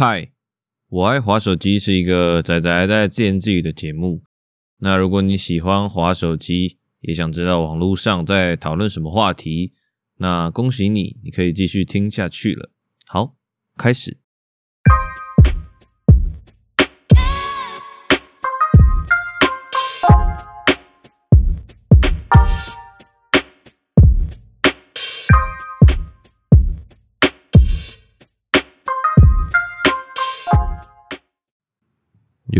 嗨，Hi, 我愛滑手機是一個仔仔在，在自言自語的節目。那如果你喜歡滑手機，也想知道網絡上在討論什麼話題，那恭喜你，你可以繼續聽下去了。好，開始。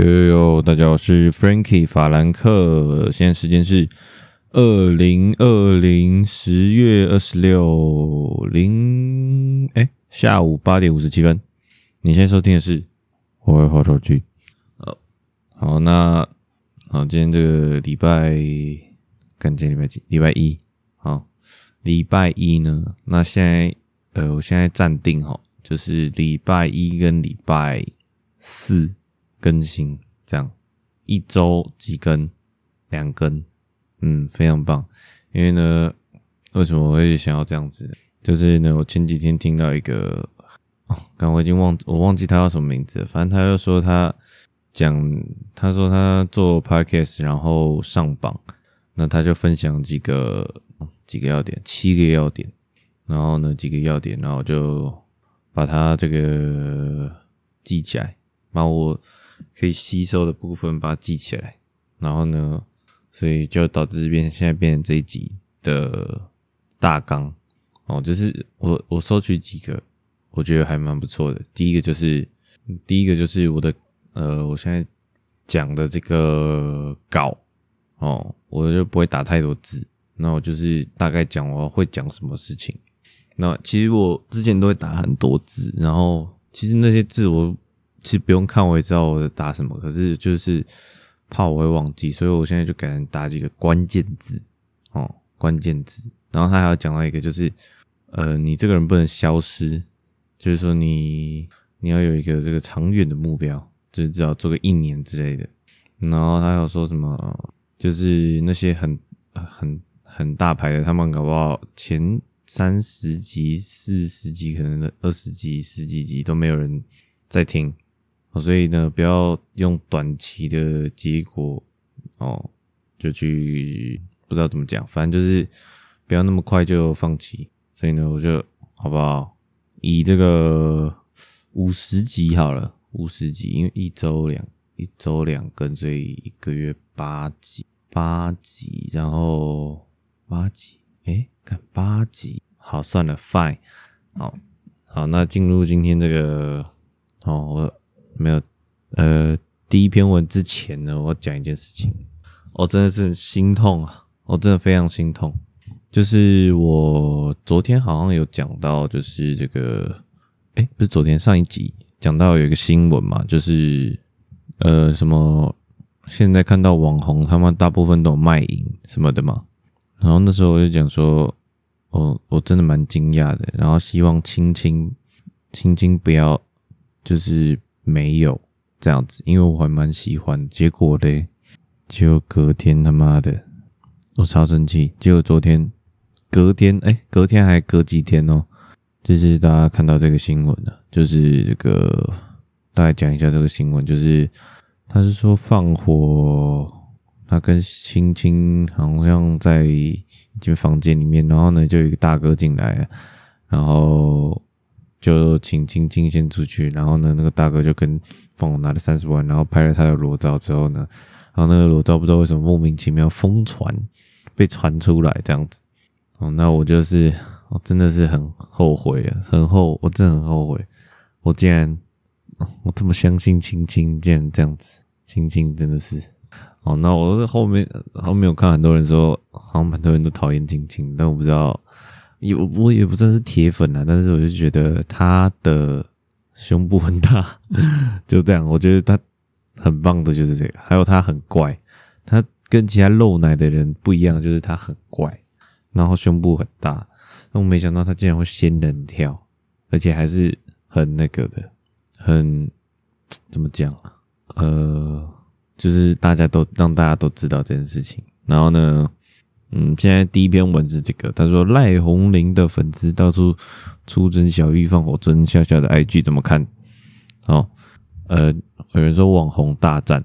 喲喲喲！大家好，我是 Frankie 法蘭克。現在時間是二零二零十月二十六零哎下午八點五十七分。你現在收聽的是我愛手機哦，好，好，好那好，今天這個禮拜，看今天禮拜幾？禮拜一，好，禮拜一呢？那現在呃，我現在暫定哈、喔，就是禮拜一跟禮拜四。更新這樣，一週幾更，兩更，嗯，非常棒。因為呢，為什麼我會想要這樣子？就是呢，我前幾天聽到一個哦，剛我已經忘我忘記他叫什麼名字了，反正他就說他講，他說他做 Podcast，然後上榜，那他就分享幾個幾個要點，七個要點，然後呢幾個要點，然後就把他這個記起來，那我。可以吸收的部分把它記起來，然後呢，所以就導致這邊現在變成這一集的大綱哦。就是我我收取幾個，我覺得還蠻不錯的。第一個就是，第一個就是我的呃，我現在講的這個稿哦，我就不會打太多字，那我就是大概講我會講什麼事情。那其實我之前都會打很多字，然後其實那些字我。是不用看我也知道我在打什麼，可是就是怕我會忘記，所以我現在就改打幾個關鍵字哦，關鍵字。然後他還要講到一個就是，呃，你這個人不能消失，就是說你你要有一個這個長遠的目標，就是至少做個一年之類的。然後他要說什麼，就是那些很很很大牌的，他們搞不好前三十集、四十集，可能二十集、十幾集，集都沒有人在聽。所以呢，不要用短期的結果哦，就去不知道怎麼講，反正就是不要那麼快就放棄。所以呢，我就好不好？以這個五十集好了，五十集，因為一周兩一周兩更，所以一個月八集，八集，然後八集，哎、欸，看八集，好算了，fine。好，好，那進入今天這個哦，我。沒有，呃，第一篇文之前呢，我講一件事情，我、哦、真的是心痛啊，我、哦、真的非常心痛。就是我昨天好像有講到，就是這個，哎，不是昨天上一集講到有一個新聞嘛，就是呃，什麼現在看到網紅他們大部分都有賣淫什麼的嘛，然後那時候我就講說，哦，我真的蠻驚訝的，然後希望青青青青不要就是。沒有這樣子，因為我還蠻喜歡。結果嘞，就隔天他媽的，我超生氣。結果昨天，隔天哎、欸，隔天還隔幾天哦。就是大家看到這個新聞了，就是這個，大家講一下這個新聞。就是他是說放火，他跟青青好像在一間房間裡面，然後呢，就有一個大哥進來，然後。就請青青先出去，然後呢，那個大哥就跟房東拿了三十萬，然後拍了他的裸照之後呢，然後那個裸照不知道為什麼莫名其妙瘋傳，被傳出來這樣子，哦，那我就是我真的是很後悔啊，很後，我真的很後悔，我竟然，我怎麼相信青青竟然這樣子？青青真的是，哦，那我後面後面有看很多人說，好像很多人都討厭青青，但我不知道。有我也不算是鐵粉啊，但是我就覺得他的胸部很大，就這樣，我覺得他很棒的，就是這個。還有他很怪，他跟其他漏奶的人不一樣，就是他很怪，然後胸部很大。那我沒想到他竟然會仙人跳，而且還是很那個的，很，怎麼講？呃，就是大家都讓大家都知道這件事情，然後呢？嗯，現在第一篇文字，這個他說賴弘林的粉絲到處出征小玉放火，征小小的 I G 怎麼看？哦，呃，有人說網紅大戰，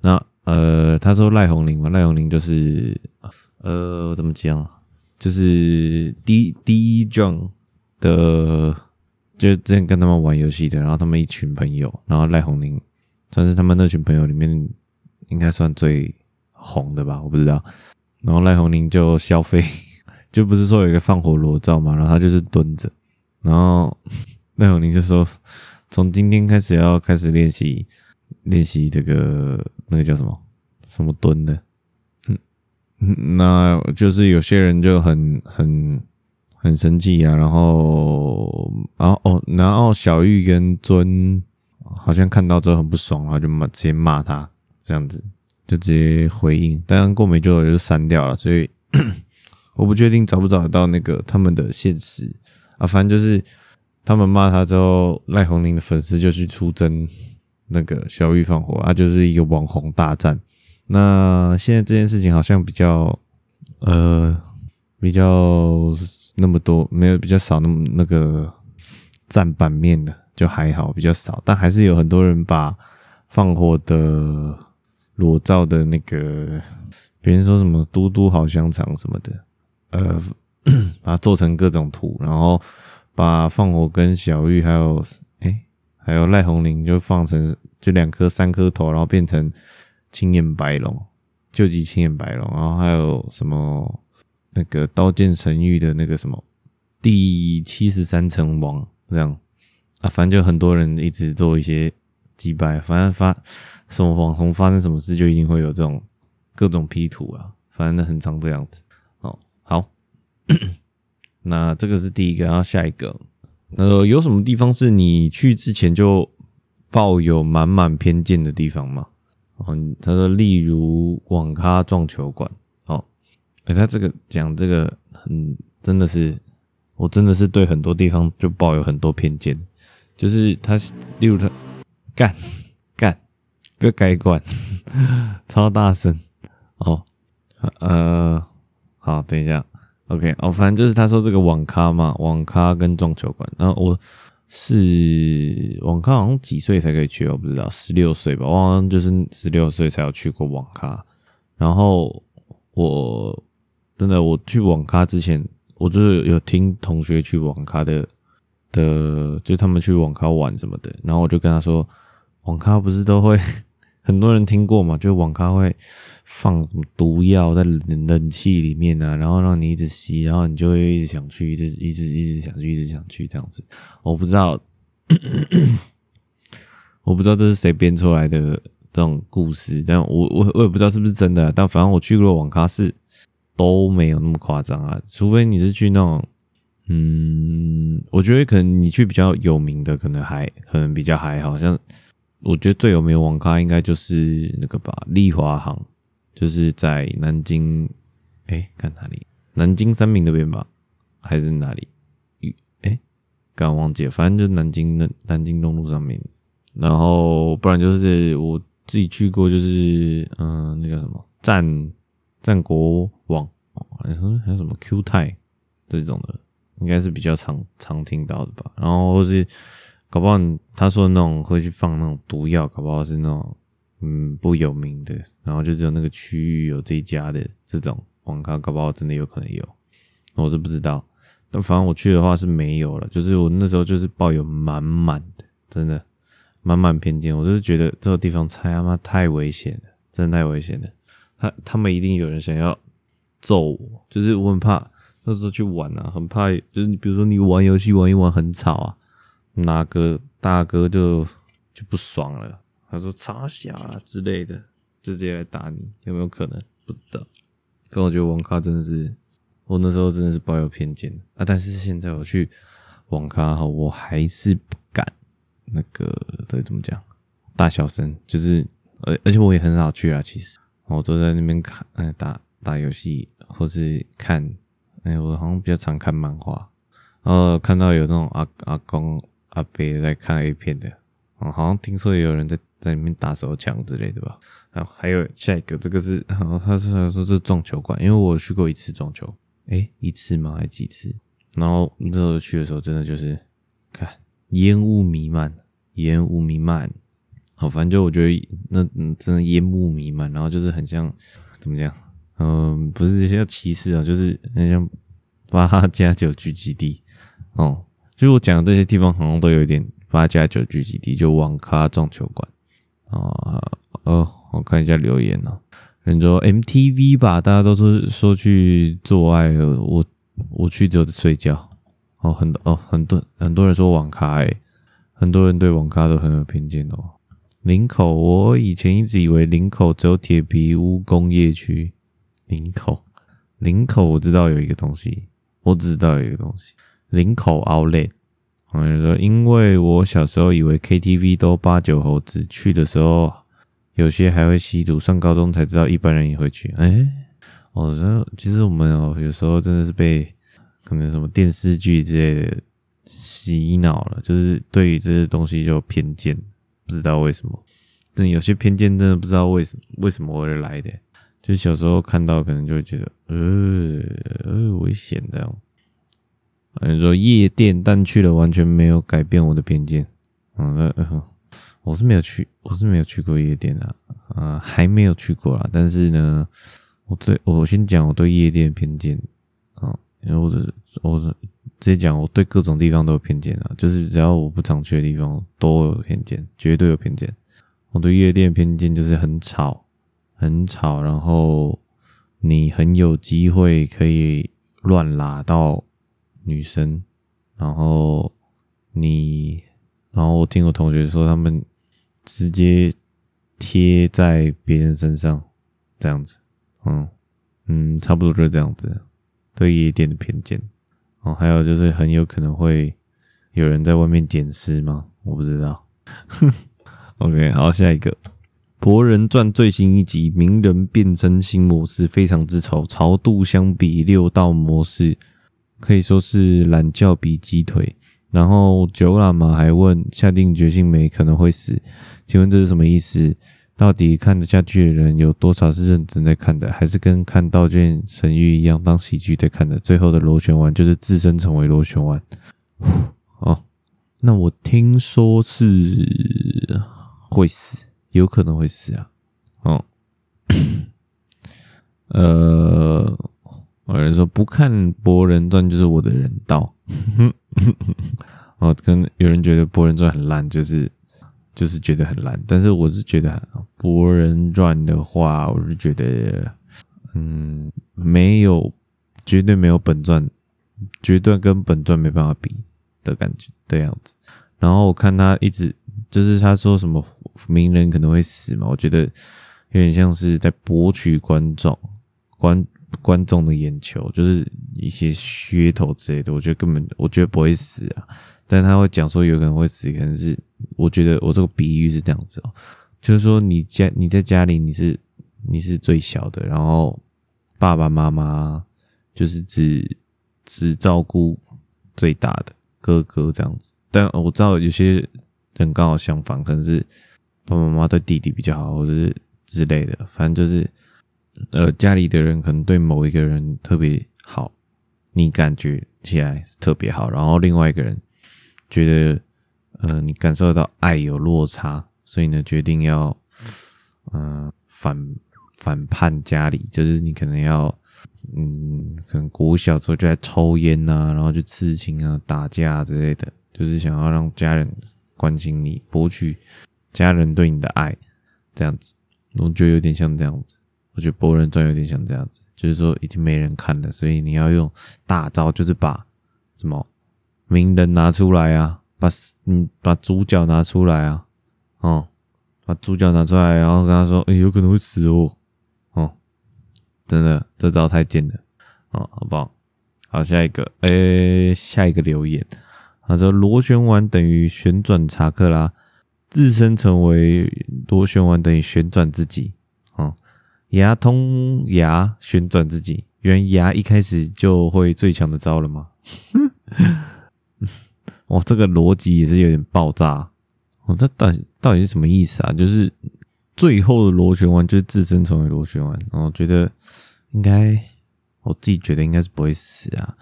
那呃，他說賴弘林嘛，賴弘林就是呃怎麼講？就是第第一仗的，就之前跟他們玩遊戲的，然後他們一群朋友，然後賴弘林算是他們那群朋友裡面應該算最紅的吧？我不知道。然後賴宏寧就消費， 就不是說有一個放火裸照嘛，然後他就是蹲着，然後賴宏寧就說，從今天開始要開始練習，練習這個那個叫什麼什麼蹲的，嗯嗯，那就是有些人就很很很生氣啊，然後然後哦、喔、然後小玉跟尊好像看到之後很不爽，然後就罵，直接罵他這樣子。就直接回應，當然過沒多久就刪掉了，所以 我不確定找不找得到那個他們的現實啊。反正就是他們罵他之後，賴鴻林的粉絲就去出征那個小玉放火啊，就是一個網紅大戰。那現在這件事情好像比較呃比較那麼多，沒有比較少那麼那個佔版面的就還好，比較少，但還是有很多人把放火的。裸照的那個，別人說什麼“嘟嘟好香腸”什麼的，呃，嗯、把它做成各種圖，然後把放火跟小玉還有哎、欸，還有賴紅玲就放成就兩顆三顆頭，然後變成青眼白龍，究極青眼白龍，然後還有什麼那個《刀劍神域》的那個什麼第七十三層王這樣啊，反正就很多人一直做一些擊敗，反正發。什麼網紅發生什麼事就一定會有這種各種 P 圖啊，反正那很常這樣子。哦，好， 那這個是第一個，然後下一個，呃，有什麼地方是你去之前就抱有滿滿偏見的地方嗎？哦，他說，例如網咖撞球館。哦、欸，他這個講這個很真的是，我真的是對很多地方就抱有很多偏見，就是他例如他幹。幹不要改觀，超大聲哦，呃，好，等一下，OK，哦，反正就是他說這個網咖嘛，網咖跟撞球館，然、啊、然後我是網咖好像幾歲才可以去，我不知道，十六歲吧，我好像就是十六歲才有去過網咖，然後我真的我去網咖之前，我就是有聽同學去網咖的的，就他們去網咖玩什麼的，然後我就跟他說，網咖不是都會。很多人聽過嘛，就網咖會放什麼毒藥在冷冷氣裡面啊，然後讓你一直吸，然後你就會一直想去，一直一直一直，一直想去，一直想去這樣子。我不知道， 我不知道這是誰編出來的這種故事，但我我我也不知道是不是真的。但反正我去過的網咖是都沒有那麼誇張啊，除非你是去那種，嗯，我覺得可能你去比較有名的，可能還可能比較還好像。我覺得最有名的網咖應該就是那個吧，麗華行，就是在南京，哎、欸，看哪裡？南京三民那邊吧，還是哪裡？哎、欸，剛忘記了，反正就南京的南京東路上面。然後，不然就是我自己去過，就是嗯、呃，那叫什麼戰戰國網，還有還有什麼 Q 泰這種的，應該是比較常常聽到的吧。然後或是。搞不好，他說那種會去放那種毒藥，搞不好是那種嗯不有名的，然後就只有那個區域有這一家的這種網咖，搞不好真的有可能有，我是不知道。那反正我去的話是沒有了，就是我那時候就是抱有滿滿的，真的滿滿偏見，我就是覺得這個地方猜他媽太危險了，真的太危險了。他他們一定有人想要揍我，就是我很怕那時候去玩啊，很怕就是你比如說你玩遊戲玩一玩很吵啊。哪個大哥就就不爽了，他說擦小啊之類的，直接來打你，有沒有可能？不知道。可我覺得網咖真的是，我那時候真的是抱有偏見啊。但是現在我去網咖哈，我還是不敢那個，對，怎麼講？大小聲就是，而而且我也很少去啊。其實我都在那邊看，哎，打打遊戲或是看，哎、欸，我好像比較常看漫畫，然後看到有那種阿阿公。阿北也在看 A 片的。哦、嗯，好像聽說也有人在在裡面打手槍之類的吧。然後還有下一個，這個是，好他是說這是撞球館，因為我去過一次撞球，誒、欸，一次嗎？還幾次？然後那時候去的時候，真的就是看煙霧彌漫，煙霧彌漫，好，反正就我覺得那嗯，真的煙霧彌漫，然後就是很像怎麼講？嗯，不是這些，歧視啊，就是很像八加九聚集地哦。嗯其實我講的這些地方好像都有一點八加九聚集地，就網咖、撞球館啊。呃、哦，我看一下留言哦、啊，很多 MTV 吧，大家都說說去做愛，我我去就是睡覺。哦，很多哦，很多很多人說網咖、欸，很多人對網咖都很有偏見哦。林口，我以前一直以為林口只有鐵皮屋工業區。林口，林口我知道有一個東西，我只知道有一個東西。林口 Outlet，我跟你說，因為我小時候以為 KTV 都八九猴子，去的時候有些還會吸毒，上高中才知道一般人也會去。哎、欸，我、哦、說，其實我們哦，有時候真的是被可能什麼電視劇之類的洗腦了，就是對於這些東西就偏見，不知道為什麼。但有些偏見真的不知道為什麼為什麼而來的，就小時候看到可能就會覺得，呃呃，危險的。你說夜店，但去了完全沒有改變我的偏見。嗯，呃，呃我是沒有去，我是沒有去過夜店的、啊，啊、呃，還沒有去過啦。但是呢，我對，我先講我對夜店的偏見，啊、嗯，然後是我是直接講我對各種地方都有偏見啊，就是只要我不常去的地方都有偏見，絕對有偏見。我對夜店的偏見就是很吵，很吵，然後你很有機會可以亂拉到。女生，然後你，然後我聽我同學說，他們直接貼在別人身上，這樣子，嗯嗯，差不多就這樣子。對夜店的偏見，哦、嗯，還有就是很有可能會有人在外面撿屍嗎？我不知道。哼 OK，好，下一個《博人傳》最新一集，鳴人變身新模式非常之潮，潮度相比六道模式。可以說是懶覺比雞腿。然後九喇嘛還問：下定決心沒？可能會死？請問這是什麼意思？到底看得下去的人有多少是認真在看的，還是跟看《刀劍神域》一樣當喜劇在看的？最後的螺旋丸就是自身成為螺旋丸。呼哦，那我聽說是會死，有可能會死啊。哦， 呃。有人說不看《博人傳》就是我的人道。我跟有人覺得《博人傳》很爛，就是就是覺得很爛。但是我是覺得《博人傳》的話，我是覺得嗯，沒有絕對沒有本傳，絕對跟本傳沒辦法比的感覺的樣子。然後我看他一直就是他說什麼鳴人可能會死嘛，我覺得有點像是在博取觀眾觀。觀眾的眼球，就是一些噱頭之類的，我覺得根本我覺得不會死啊，但他會講說有可能會死，可能是我覺得我這個比喻是這樣子哦，就是說你家你在家裡你是你是最小的，然後爸爸媽媽就是只只照顧最大的哥哥這樣子，但我知道有些人剛好相反，可能是爸爸媽媽對弟弟比較好，或者是之類的，反正就是。呃，家裡的人可能對某一個人特別好，你感覺起來特別好，然後另外一個人覺得，呃，你感受到愛有落差，所以呢，決定要，嗯、呃，反反叛家裡，就是你可能要，嗯，可能國小時候就在抽菸吶、啊，然後就刺青啊、打架啊之類的，就是想要讓家人關心你，博取家人對你的愛，這樣子，我覺得有點像這樣子。覺得博人傳有點像這樣子，就是說已經沒人看了，所以你要用大招，就是把什麼名人拿出來啊，把，把嗯，把主角拿出來啊，哦、嗯，把主角拿出來、啊，嗯、出來然後跟他說，哎、欸，有可能會死哦，哦、嗯，真的，這招太賤了，哦、嗯，好不好？好，下一個，哎、欸，下一個留言，啊，這螺旋丸等於旋轉查克拉，自身成為螺旋丸等於旋轉自己。牙通牙旋轉自己，原來牙一開始就會最強的招了嗎？我 這個邏輯也是有點爆炸。我、哦、這到底到底是什麼意思啊？就是最後的螺旋丸，就是自身成為螺旋丸，然後覺得應該，我自己覺得應該是不會死啊。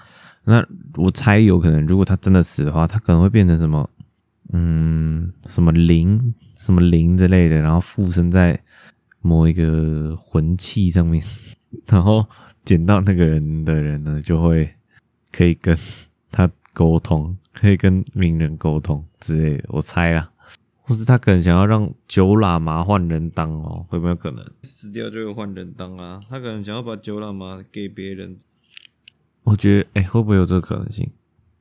那我猜有可能，如果他真的死的話，他可能會變成什麼？嗯，什麼靈，什麼靈之類的，然後附身在。摸某一個魂器上面，然後撿到那個人的人呢，就會可以跟他溝通，可以跟鳴人溝通之類的。我猜啊，或是他可能想要讓九喇嘛換人當哦，會不會有可能死掉就會換人當啊？他可能想要把九喇嘛給別人。我覺得，哎、欸，會不會有這個可能性？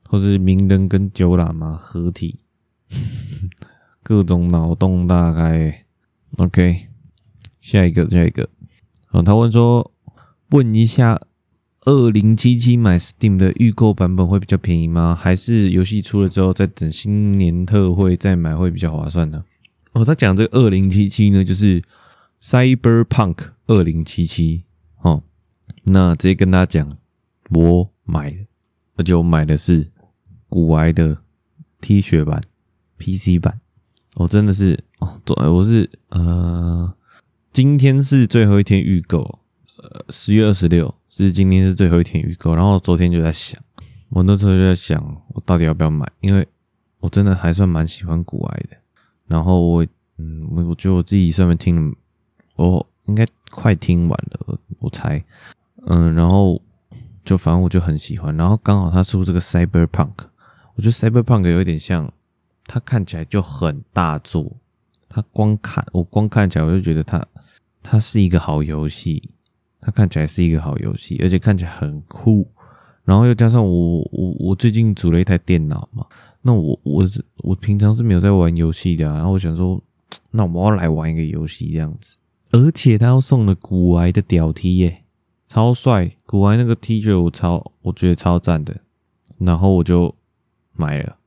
或是鳴人跟九喇嘛合體， 各種腦洞大開。OK。下一個，下一個，哦，他問說，問一下，二零七七買 Steam 的預購版本會比較便宜嗎？還是遊戲出了之後再等新年特惠再買會比較划算呢？哦，他講這個二零七七呢，就是 Cyberpunk 二零七七哦。那直接跟他講，我買，而且我買的是古埃的 T 恤版 PC 版。我、哦、真的是哦，對我是呃。今天是最後一天預購，呃，十月二十六是今天是最後一天預購。然後昨天就在想，我那時候就在想，我到底要不要買？因為我真的還算蠻喜歡古埃的。然後我，嗯，我我覺得我自己算沒聽，我、哦、應該快聽完了，我猜。嗯，然後就反正我就很喜歡。然後剛好他出這個 Cyberpunk，我覺得 Cyberpunk 有點像，他看起來就很大作，他光看我光看起來我就覺得他。它是一個好遊戲，它看起來是一個好遊戲，而且看起來很酷。然後又加上我我我最近組了一台電腦嘛，那我我我平常是沒有在玩遊戲的、啊。然後我想說，那我們要來玩一個遊戲這樣子。而且他要送了古埃的屌 T 耶，超帥！古埃那個 T 絕，我超我覺得超讚的。然後我就買了。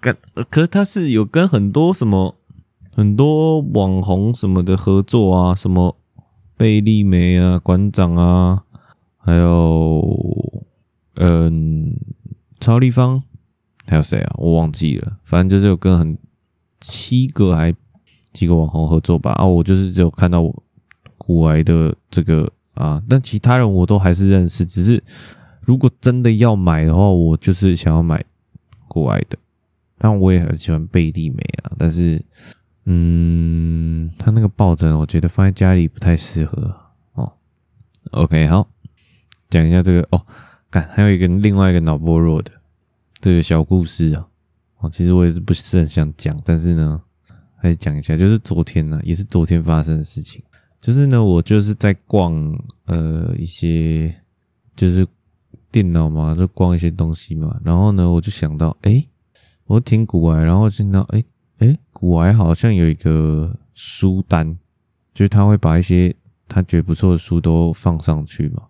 可 可是他是有跟很多什麼。很多網紅什麼的合作啊，什麼貝莉莓啊、館長啊，還有嗯超粒方，還有誰啊？我忘記了。反正就是有跟很七個還幾個網紅合作吧。啊，我就是只有看到我古埃的這個啊，但其他人我都還是認識。只是如果真的要買的話，我就是想要買古埃的。但我也很喜歡貝莉莓啊，但是。嗯，他那個抱枕，我覺得放在家裡不太適合哦。OK，好，講一下這個哦。看，還有一個另外一個腦波弱的這個小故事啊。哦，其實我也是不是很想講，但是呢，還是講一下。就是昨天呢、啊，也是昨天發生的事情。就是呢，我就是在逛呃一些就是電腦嘛，就逛一些東西嘛。然後呢，我就想到，哎，我挺古怪，然後聽到，哎。誒，欸、古玩好像有一個書單，就是他會把一些他覺得不錯的書都放上去嘛。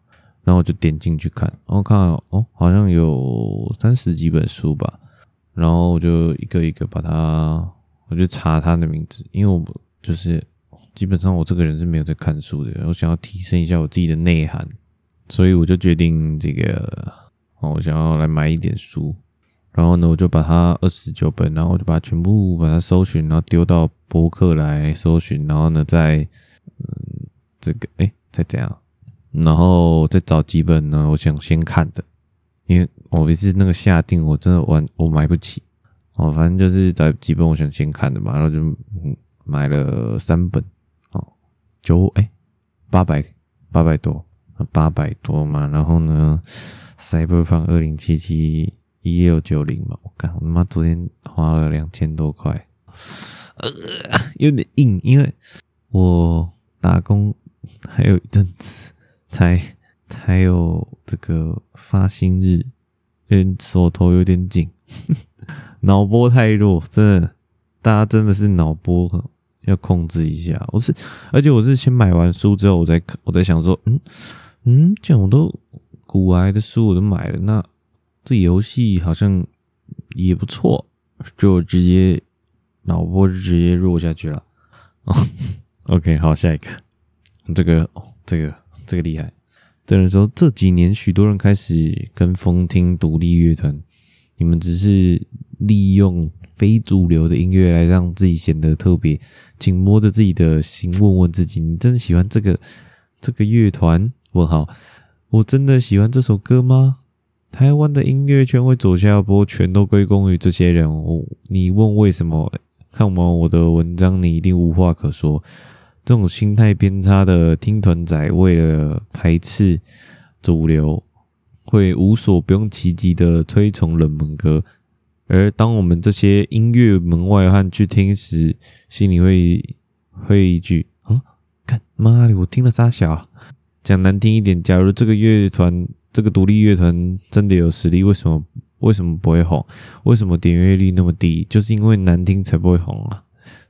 然後我就點進去看，然後看看哦，好像有三十幾本書吧。然後我就一個一個把它，我就查他的名字，因為我就是基本上我這個人是沒有在看書的。我想要提升一下我自己的內涵，所以我就決定這個，哦、我想要來買一點書。然後呢，我就把它二十九本，然後我就把它全部把它搜尋，然後丟到博客來搜尋，然後呢，再嗯這個哎再這樣，然後再找幾本呢？我想先看的，因為我不是那個下定，我真的我我買不起哦，反正就是找幾本我想先看的嘛，然後就買了三本哦，九哎八百八百多八百多嘛，然後呢，Cyber 放二零七七。一六九零嘛，我看我媽昨天花了兩千多塊，呃，有點硬，因為我打工還有一陣子才才有這個發薪日，嗯，手頭有點緊，腦 波太弱，真的，大家真的是腦波要控制一下。我是，而且我是先買完書之後，我在，我在想說，嗯嗯，這樣我都古玩的書我都買了，那。這遊戲好像也不錯，就直接腦波就直接弱下去了。Oh, OK，好，下一個，這個，這個，這個厲害。只能說，這幾年許多人開始跟風聽獨立樂團，你們只是利用非主流的音樂來讓自己顯得特別。請摸着自己的心問問自己，你真的喜歡這個這個樂團？問號，我真的喜歡這首歌嗎？台灣的音樂圈會走下坡，全都歸功於這些人。我，你問為什麼？看完我的文章，你一定無話可說。這種心態偏差的聽團仔，為了排斥主流，會無所不用其極的推崇冷門歌。而當我們這些音樂門外漢去聽時，心裡會會一句：啊，幹媽的，我聽了啥小。講難聽一點，假如這個樂團。這個獨立樂團真的有實力？為什麼為什麼不會紅？為什麼點閱率那麼低？就是因為難聽才不會紅啊！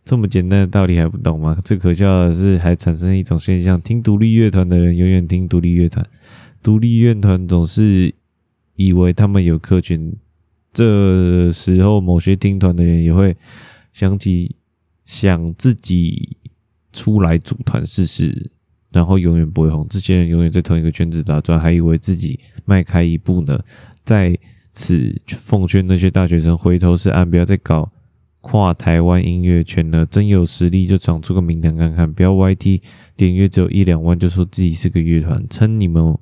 這麼簡單的道理還不懂嗎？最可笑的是，還產生一種現象：聽獨立樂團的人永遠聽獨立樂團，獨立樂團總是以為他們有客群。這時候，某些聽團的人也會想起想自己出來組團試試。然後永遠不會紅，這些人永遠在同一個圈子打轉，還以為自己邁開一步呢。在此奉勸那些大學生，回頭是岸，不要再搞跨台灣音樂圈了。真有實力就闖出個名堂看看，不要 YT 點閱只有一兩萬就說自己是個樂團，稱你們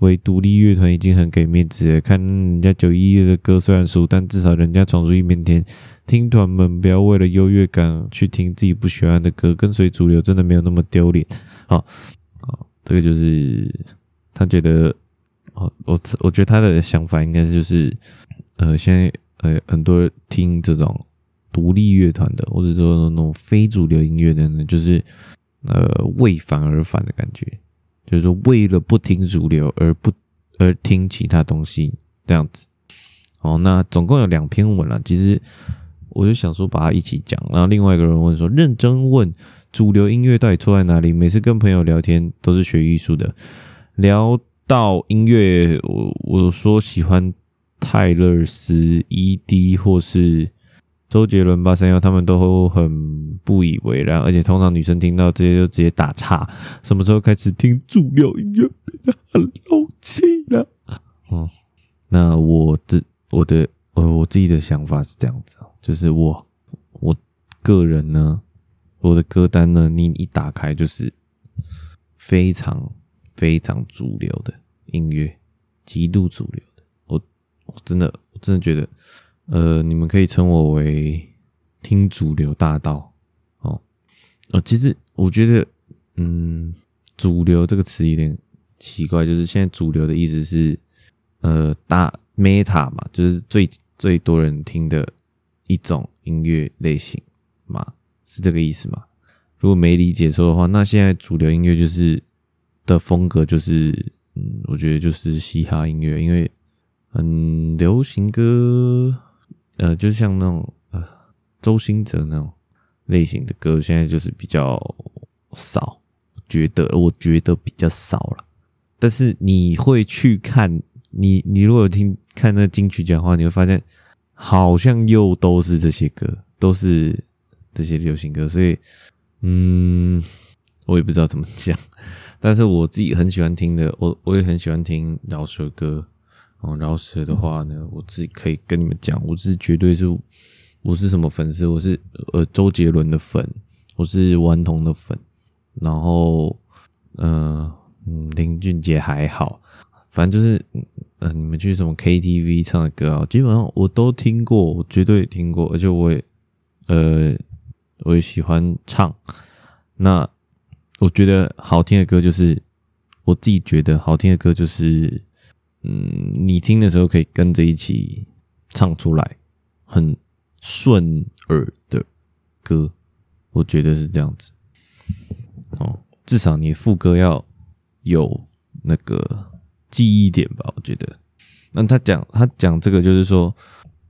為獨立樂團已經很給面子了。看人家玖壹壹的歌雖然俗，但至少人家闖出一片天。聽團們不要為了優越感去聽自己不喜歡的歌，跟隨主流真的沒有那麼丟臉。好，好、哦，這個就是他覺得，好、哦，我我覺得他的想法應該就是，呃，現在呃，很多人聽這種獨立樂團的，或者說那種非主流音樂的人，就是呃，為反而反的感覺，就是說為了不聽主流而不而聽其他東西這樣子。哦，那總共有兩篇文啦，其實我就想說把它一起講，然後另外一個人問說，認真問。主流音樂到底錯在哪裡？每次跟朋友聊天都是學藝術的，聊到音樂，我我說喜歡泰勒斯、ED 或是周杰倫八三幺，他們都很不以為然，而且通常女生聽到這些就直接打岔。什麼時候開始聽主流音樂變得很漏氣了，啊？嗯，那我自我的呃，我自己的想法是這樣子，就是我我個人呢。我的歌單呢？你一打開就是非常非常主流的音樂，極度主流的。我我真的我真的覺得，呃，你們可以稱我為聽主流大盜。哦哦、呃，其實我覺得，嗯，主流這個詞有點奇怪，就是現在主流的意思是，呃，大 meta 嘛，就是最最多人聽的一種音樂類型嘛。是這個意思嗎？如果沒理解錯的話，那現在主流音樂就是的風格就是，嗯，我覺得就是嘻哈音樂，因為很流行歌，呃，就像那種呃周興哲那種類型的歌，現在就是比較少，我覺得我覺得比較少了。但是你會去看你你如果有聽看那金曲獎的話，你會發現好像又都是這些歌，都是。這些流行歌，所以嗯，我也不知道怎麼講，但是我自己很喜歡聽的，我我也很喜歡聽饒舌歌。哦，饒舌的話呢，我自己可以跟你們講，我是絕對是我是什麼粉絲，我是呃周杰倫的粉，我是頑童的粉，然後嗯、呃、林俊傑還好，反正就是嗯、呃、你們去什麼 KTV 唱的歌啊，基本上我都聽過，我絕對聽過，而且我也呃。我也喜歡唱，那我覺得好聽的歌就是我自己覺得好聽的歌就是，嗯，你聽的時候可以跟着一起唱出來，很順耳的歌，我覺得是這樣子。哦，至少你副歌要有那個記憶點吧？我覺得。那他講他講這個就是說，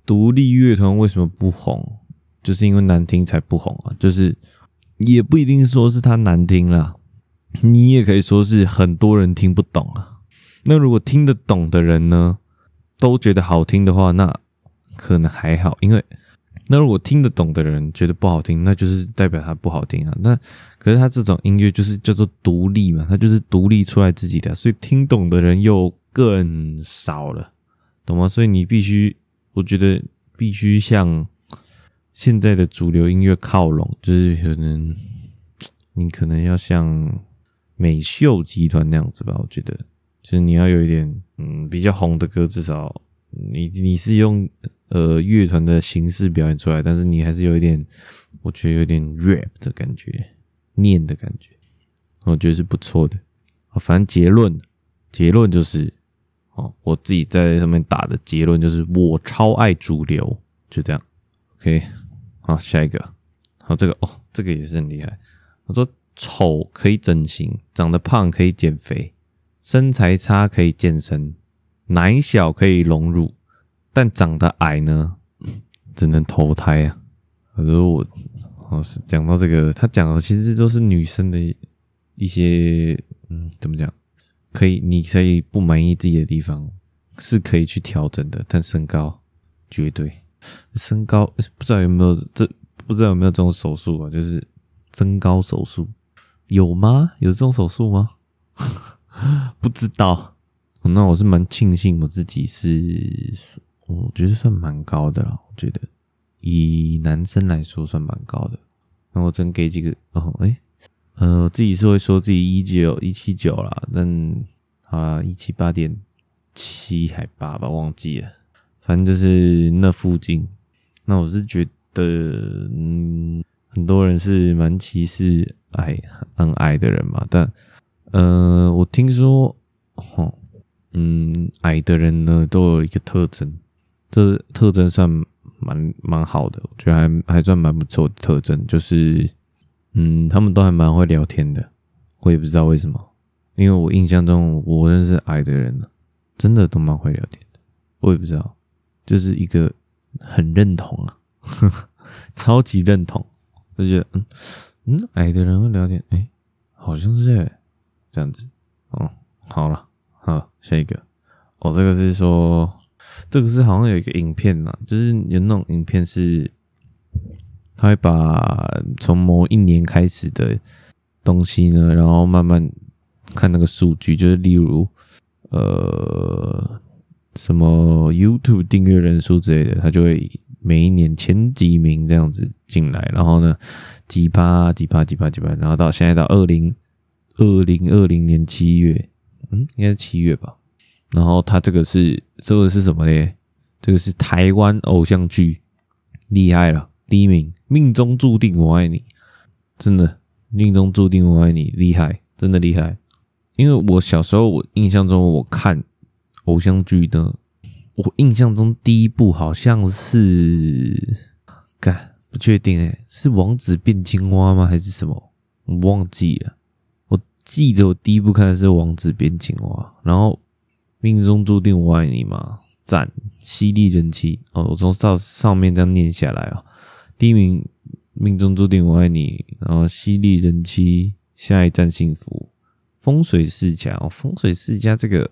獨立樂團為什麼不紅？就是因為難聽才不紅啊，就是也不一定說是它難聽啦。你也可以說是很多人聽不懂啊。那如果聽得懂的人呢，都覺得好聽的話，那可能還好。因為那如果聽得懂的人覺得不好聽，那就是代表它不好聽啊。那可是他這種音樂就是叫做獨立嘛，他就是獨立出來自己的啊，所以聽懂的人又更少了，懂嗎？所以你必須，我覺得必須像。現在的主流音樂靠攏，就是可能你可能要像美秀集團那樣子吧。我覺得，就是你要有一點嗯比較紅的歌，至少你你是用呃樂團的形式表演出來，但是你還是有一點，我覺得有點 rap 的感覺，念的感覺，我覺得是不錯的。反正結論，結論就是，哦，我自己在上面打的結論就是，我超愛主流，就這樣。OK。好，下一個，好這個哦，這個也是很厲害。他說，醜可以整形，長得胖可以減肥，身材差可以健身，奶小可以隆乳，但長得矮呢，只能投胎啊。反正我，哦，是講到這個，他講的其實都是女生的一些，嗯，怎麼講？可以，你可以不滿意自己的地方是可以去調整的，但身高絕對。身高、欸、不知道有沒有這不知道有沒有這種手術啊？就是增高手術有嗎？有這種手術嗎？ 不知道。嗯、那我是蠻慶幸我自己是，我覺得算蠻高的了。我覺得以男生來說算蠻高的。那我真給幾、這個哦，誒、欸，呃，我自己是會說自己一九一七九啦，但好啦一七八點七還八吧，忘記了。反正就是那附近，那我是覺得，嗯，很多人是蠻歧視矮很矮的人嘛。但，嗯、呃，我聽說，吼，嗯，矮的人呢都有一個特徵，這個、特徵算蠻蠻好的，我覺得還還算蠻不錯的特徵，就是，嗯，他們都還蠻會聊天的。我也不知道為什麼，因為我印象中我認識矮的人呢，真的都蠻會聊天的，我也不知道。就是一個很認同啊，呵呵超級認同，就覺得嗯嗯，矮的人會聊點哎、欸，好像是、欸、這樣子，嗯、哦，好了，好，下一個，我、哦、這個是說，這個是好像有一個影片吶、啊，就是有那種影片是，他會把從某一年開始的東西呢，然後慢慢看那個數據，就是例如呃。什麼 YouTube 訂閱人數之類的，他就會每一年前幾名這樣子進來，然後呢，幾趴幾趴幾趴幾趴，然後到現在到二零二零二零年七月，嗯，應該是七月吧。然後他這個是，這個是什麼嘞？這個是台灣偶像劇，厲害了，第一名，命中注定我愛你，真的，命中注定我愛你，厲害，真的厲害。因為我小時候，我印象中我看。偶像劇呢？我印象中第一部好像是，幹不確定哎、欸，是王子變青蛙嗎？還是什麼？我忘記了。我記得我第一部看的是《王子變青蛙》，然後《命中注定我愛你嗎》嘛，讚，犀利人妻。哦。我從上上面這樣念下來啊，哦，第一名《命中注定我愛你》，然後《犀利人妻》，下一站幸福，風水世家哦，《風水世家》。《風水世家》這個。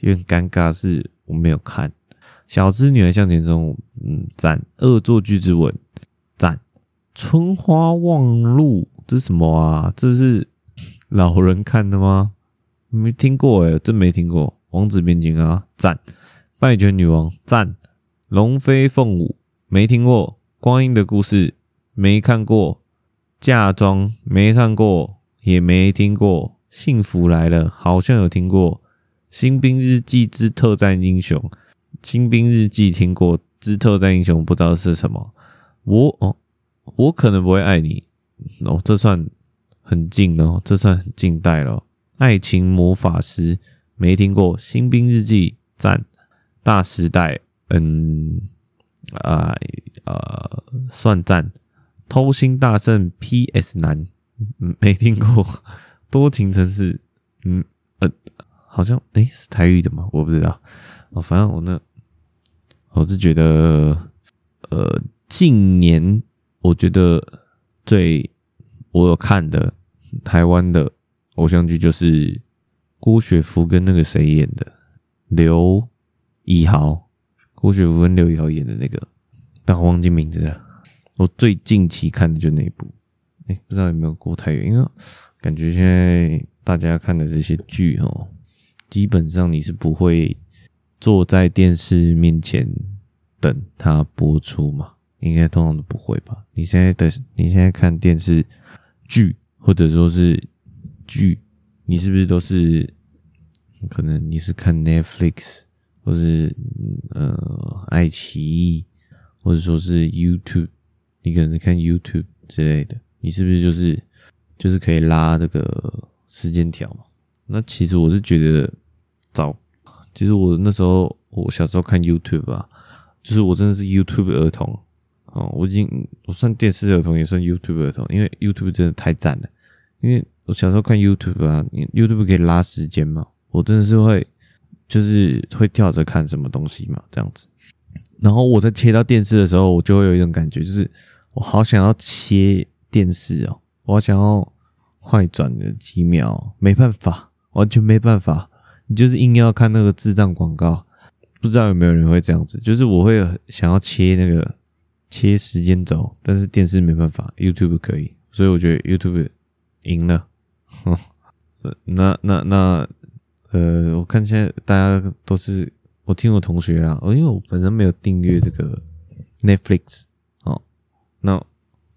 有點尷尬，是我沒有看《小資女孩向前衝》，嗯，讚《惡作劇之吻》，讚《春花望露》，這是什麼啊？這是老人看的嗎？沒聽過誒、欸、真沒聽過《王子變青蛙》啊，讚《敗犬女王》，讚《龍飛鳳舞》，沒聽過《光陰的故事》，沒看過《嫁妝》，沒看過，也沒聽過《幸福來了》，好像有聽過。新兵日記之特戰英雄，新兵日記聽過，之特戰英雄不知道是什麼。我哦，我可能不會愛你哦。這算很近哦，這算很近代了。愛情魔法師沒聽過。新兵日記戰大時代，嗯啊呃，呃算讚。偷心大聖 P.S. 男、嗯、沒聽過。多情城市，嗯呃。好像哎、欸，是台語的嗎？我不知道。哦，反正我那，我是覺得，呃，近年我覺得最我有看的台灣的偶像劇就是郭雪芙跟那個誰演的劉以豪，郭雪芙跟劉以豪演的那個，但我忘記名字了。我最近期看的就那一部，哎、欸，不知道有沒有過台語，因為感覺現在大家看的這些劇哦。基本上你是不會坐在電視面前等它播出嘛，應該通常都不會吧？你現在的你現在看電視劇或者說是劇，你是不是都是可能你是看 Netflix 或是呃愛奇藝或者說是 YouTube？你可能看 YouTube 之類的，你是不是就是就是可以拉這個時間條嘛？那其實我是覺得，早，其實我那時候我小時候看 YouTube 啊，就是我真的是 YouTube 兒童哦、啊，我已經我算電視兒童也算 YouTube 兒童，因為 YouTube 真的太讚了。因為我小時候看 YouTube 啊，YouTube 可以拉時間嘛，我真的是會就是會跳着看什麼東西嘛，這樣子。然後我在切到電視的時候，我就會有一種感覺，就是我好想要切電視哦、喔，我好想要快轉的幾秒，沒辦法。完全沒辦法，你就是硬要看那個智障廣告，不知道有沒有人會這樣子。就是我會想要切那個切時間軸，但是電視沒辦法，YouTube 可以，所以我覺得 YouTube 贏了。呵呵，那那那呃，我看現在大家都是我聽我同學啦，因、哎、為我本身沒有訂閱這個 Netflix 哦、喔，那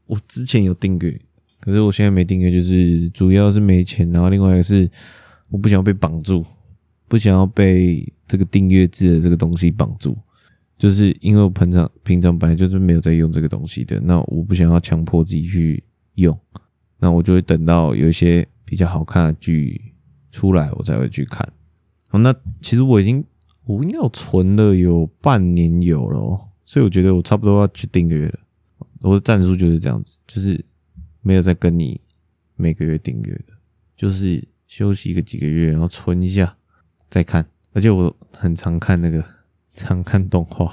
我之前有訂閱，可是我現在沒訂閱，就是主要是沒錢，然後另外一個是。我不想要被綁住，不想要被這個訂閱制的這個東西綁住，就是因為我平常平常本來就是沒有在用這個東西的，那我不想要強迫自己去用，那我就會等到有一些比較好看的劇出來，我才會去看。好，那其實我已經我應該有存了有半年有了，所以我覺得我差不多要去訂閱了。我的戰術就是這樣子，就是沒有在跟你每個月訂閱的，就是。休息一個幾個月，然後存一下再看。而且我很常看那個常看動畫，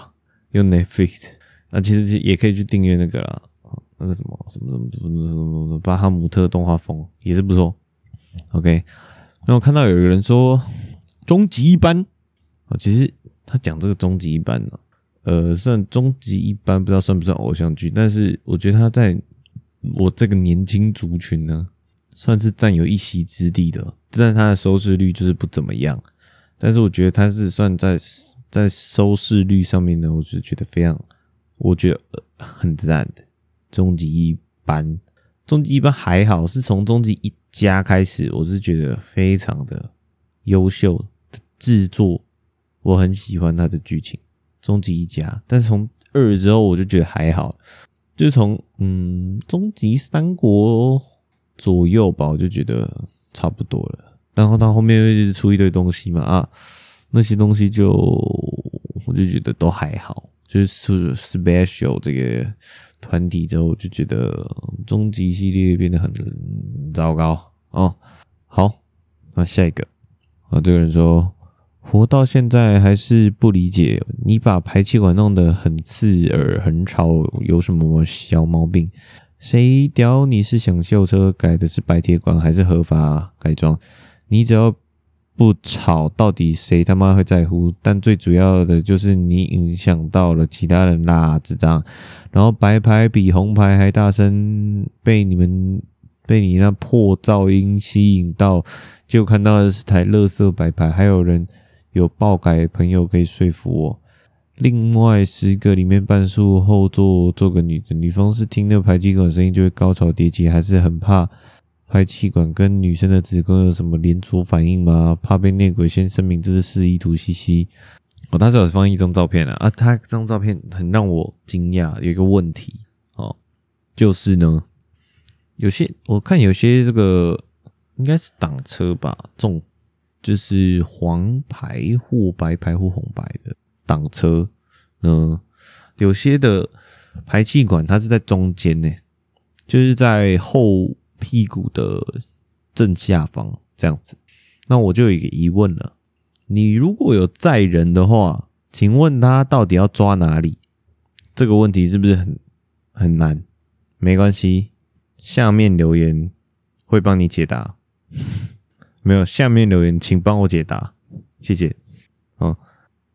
用 Netflix。那、啊、其實也可以去訂閱那個啦，那、啊、個什麼什麼什麼什麼什麼，什麼巴哈姆特的動畫瘋也是不錯。OK，然後我看到有人說《終極一班》，啊，其實他講這個《終極一班》呢，呃，算《終極一班》，不知道算不算偶像劇，但是我覺得他在我這個年輕族群呢、啊。算是佔有一席之地的，但它的收視率就是不怎麼樣，但是我覺得它是算在在收視率上面呢，我是覺得非常，我覺得很讚的。終極一班，終極一班還好，是從終極一家開始，我是覺得非常的優秀的制作，我很喜歡它的劇情。終極一家，但是從二之後我就覺得還好，就從嗯，終極三國。左右吧，我就覺得差不多了。然後到後面又出一堆東西嘛，啊，那些東西就我就覺得都還好。就是 Special 這個團體之後，就覺得終極系列變得很糟糕哦。好，那下一個啊，這個人說，活到現在還是不理解，你把排氣管弄得很刺耳、很吵，有什麼小毛病？誰屌？你是想秀車改的是白鐵管還是合法，啊、改裝？你只要不吵，到底誰他媽會在乎？但最主要的就是你影響到了其他人啦，知道？然後白牌比紅牌還大聲，被你們被你那破噪音吸引到，就看到的是台垃圾白牌，還有人有爆改朋友可以說服我。另外十個裡面半數後座坐個女的，女方是聽那個排氣管聲音就會高潮迭起，還是很怕排氣管跟女生的子宮有什麼連鎖反應嗎？怕被內鬼先聲明這是示意圖兮兮，嘻嘻、哦。我當時有放一張照片了，啊，他這張照片很讓我驚訝，有一個問題哦，就是呢，有些我看有些這個應該是擋車吧，這種就是黃牌或白牌或紅白的。擋車，嗯、呃，有些的排氣管它是在中間呢，就是在後屁股的正下方這樣子。那我就有一個疑問了，你如果有載人的話，請問他到底要抓哪裡？這個問題是不是很很難？沒關係，下面留言會幫你解答。 沒有，下面留言，請幫我解答，謝謝。嗯、哦。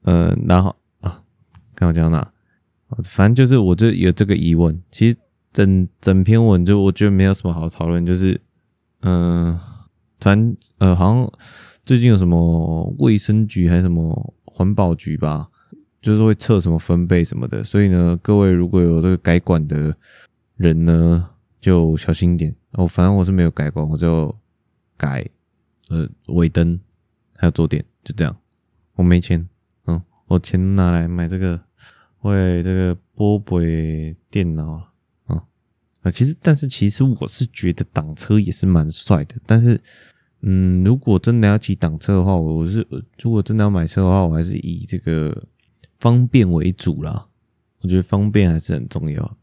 嗯、呃，然後啊，剛剛講到哪？反正就是我就有這個疑問，其實整整篇文就我覺得沒有什麼好討論，就是嗯、呃，反正呃好像最近有什麼衛生局還是什麼環保局吧，就是會測什麼分貝什麼的，所以呢，各位如果有這個改管的人呢，就小心一點。我、哦、反正我是沒有改管，我就改呃尾燈還有坐墊，就這樣，我沒錢。我錢拿來買這個，喂，這個波波電腦啊啊！其實，但是其實我是覺得擋車也是蠻帥的。但是，嗯，如果真的要騎擋車的話，我是如果真的要買車的話，我還是以這個方便為主啦。我覺得方便還是很重要，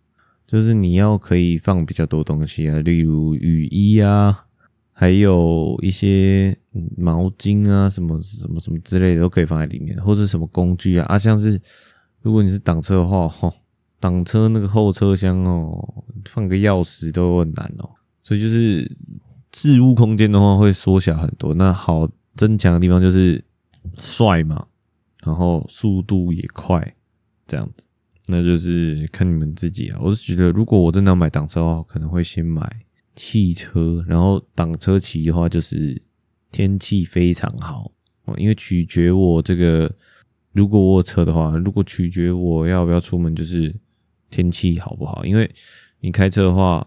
就是你要可以放比較多東西啊，例如雨衣啊，還有一些。毛巾啊，什麼什麼什麼之類的都可以放在裡面，或者什麼工具啊啊，像是如果你是擋車的話，吼、哦，擋車那個後車廂哦，放個鑰匙都很難哦，所以就是置物空間的話會縮小很多。那好增強的地方就是帥嘛，然後速度也快，這樣子，那就是看你們自己啊。我是覺得，如果我真的要買擋車的話，可能會先買汽車，然後擋車騎的話就是。天氣非常好哦，因為取決我這個，如果我有車的話，如果取決我要不要出門，就是天氣好不好。因為你開車的話，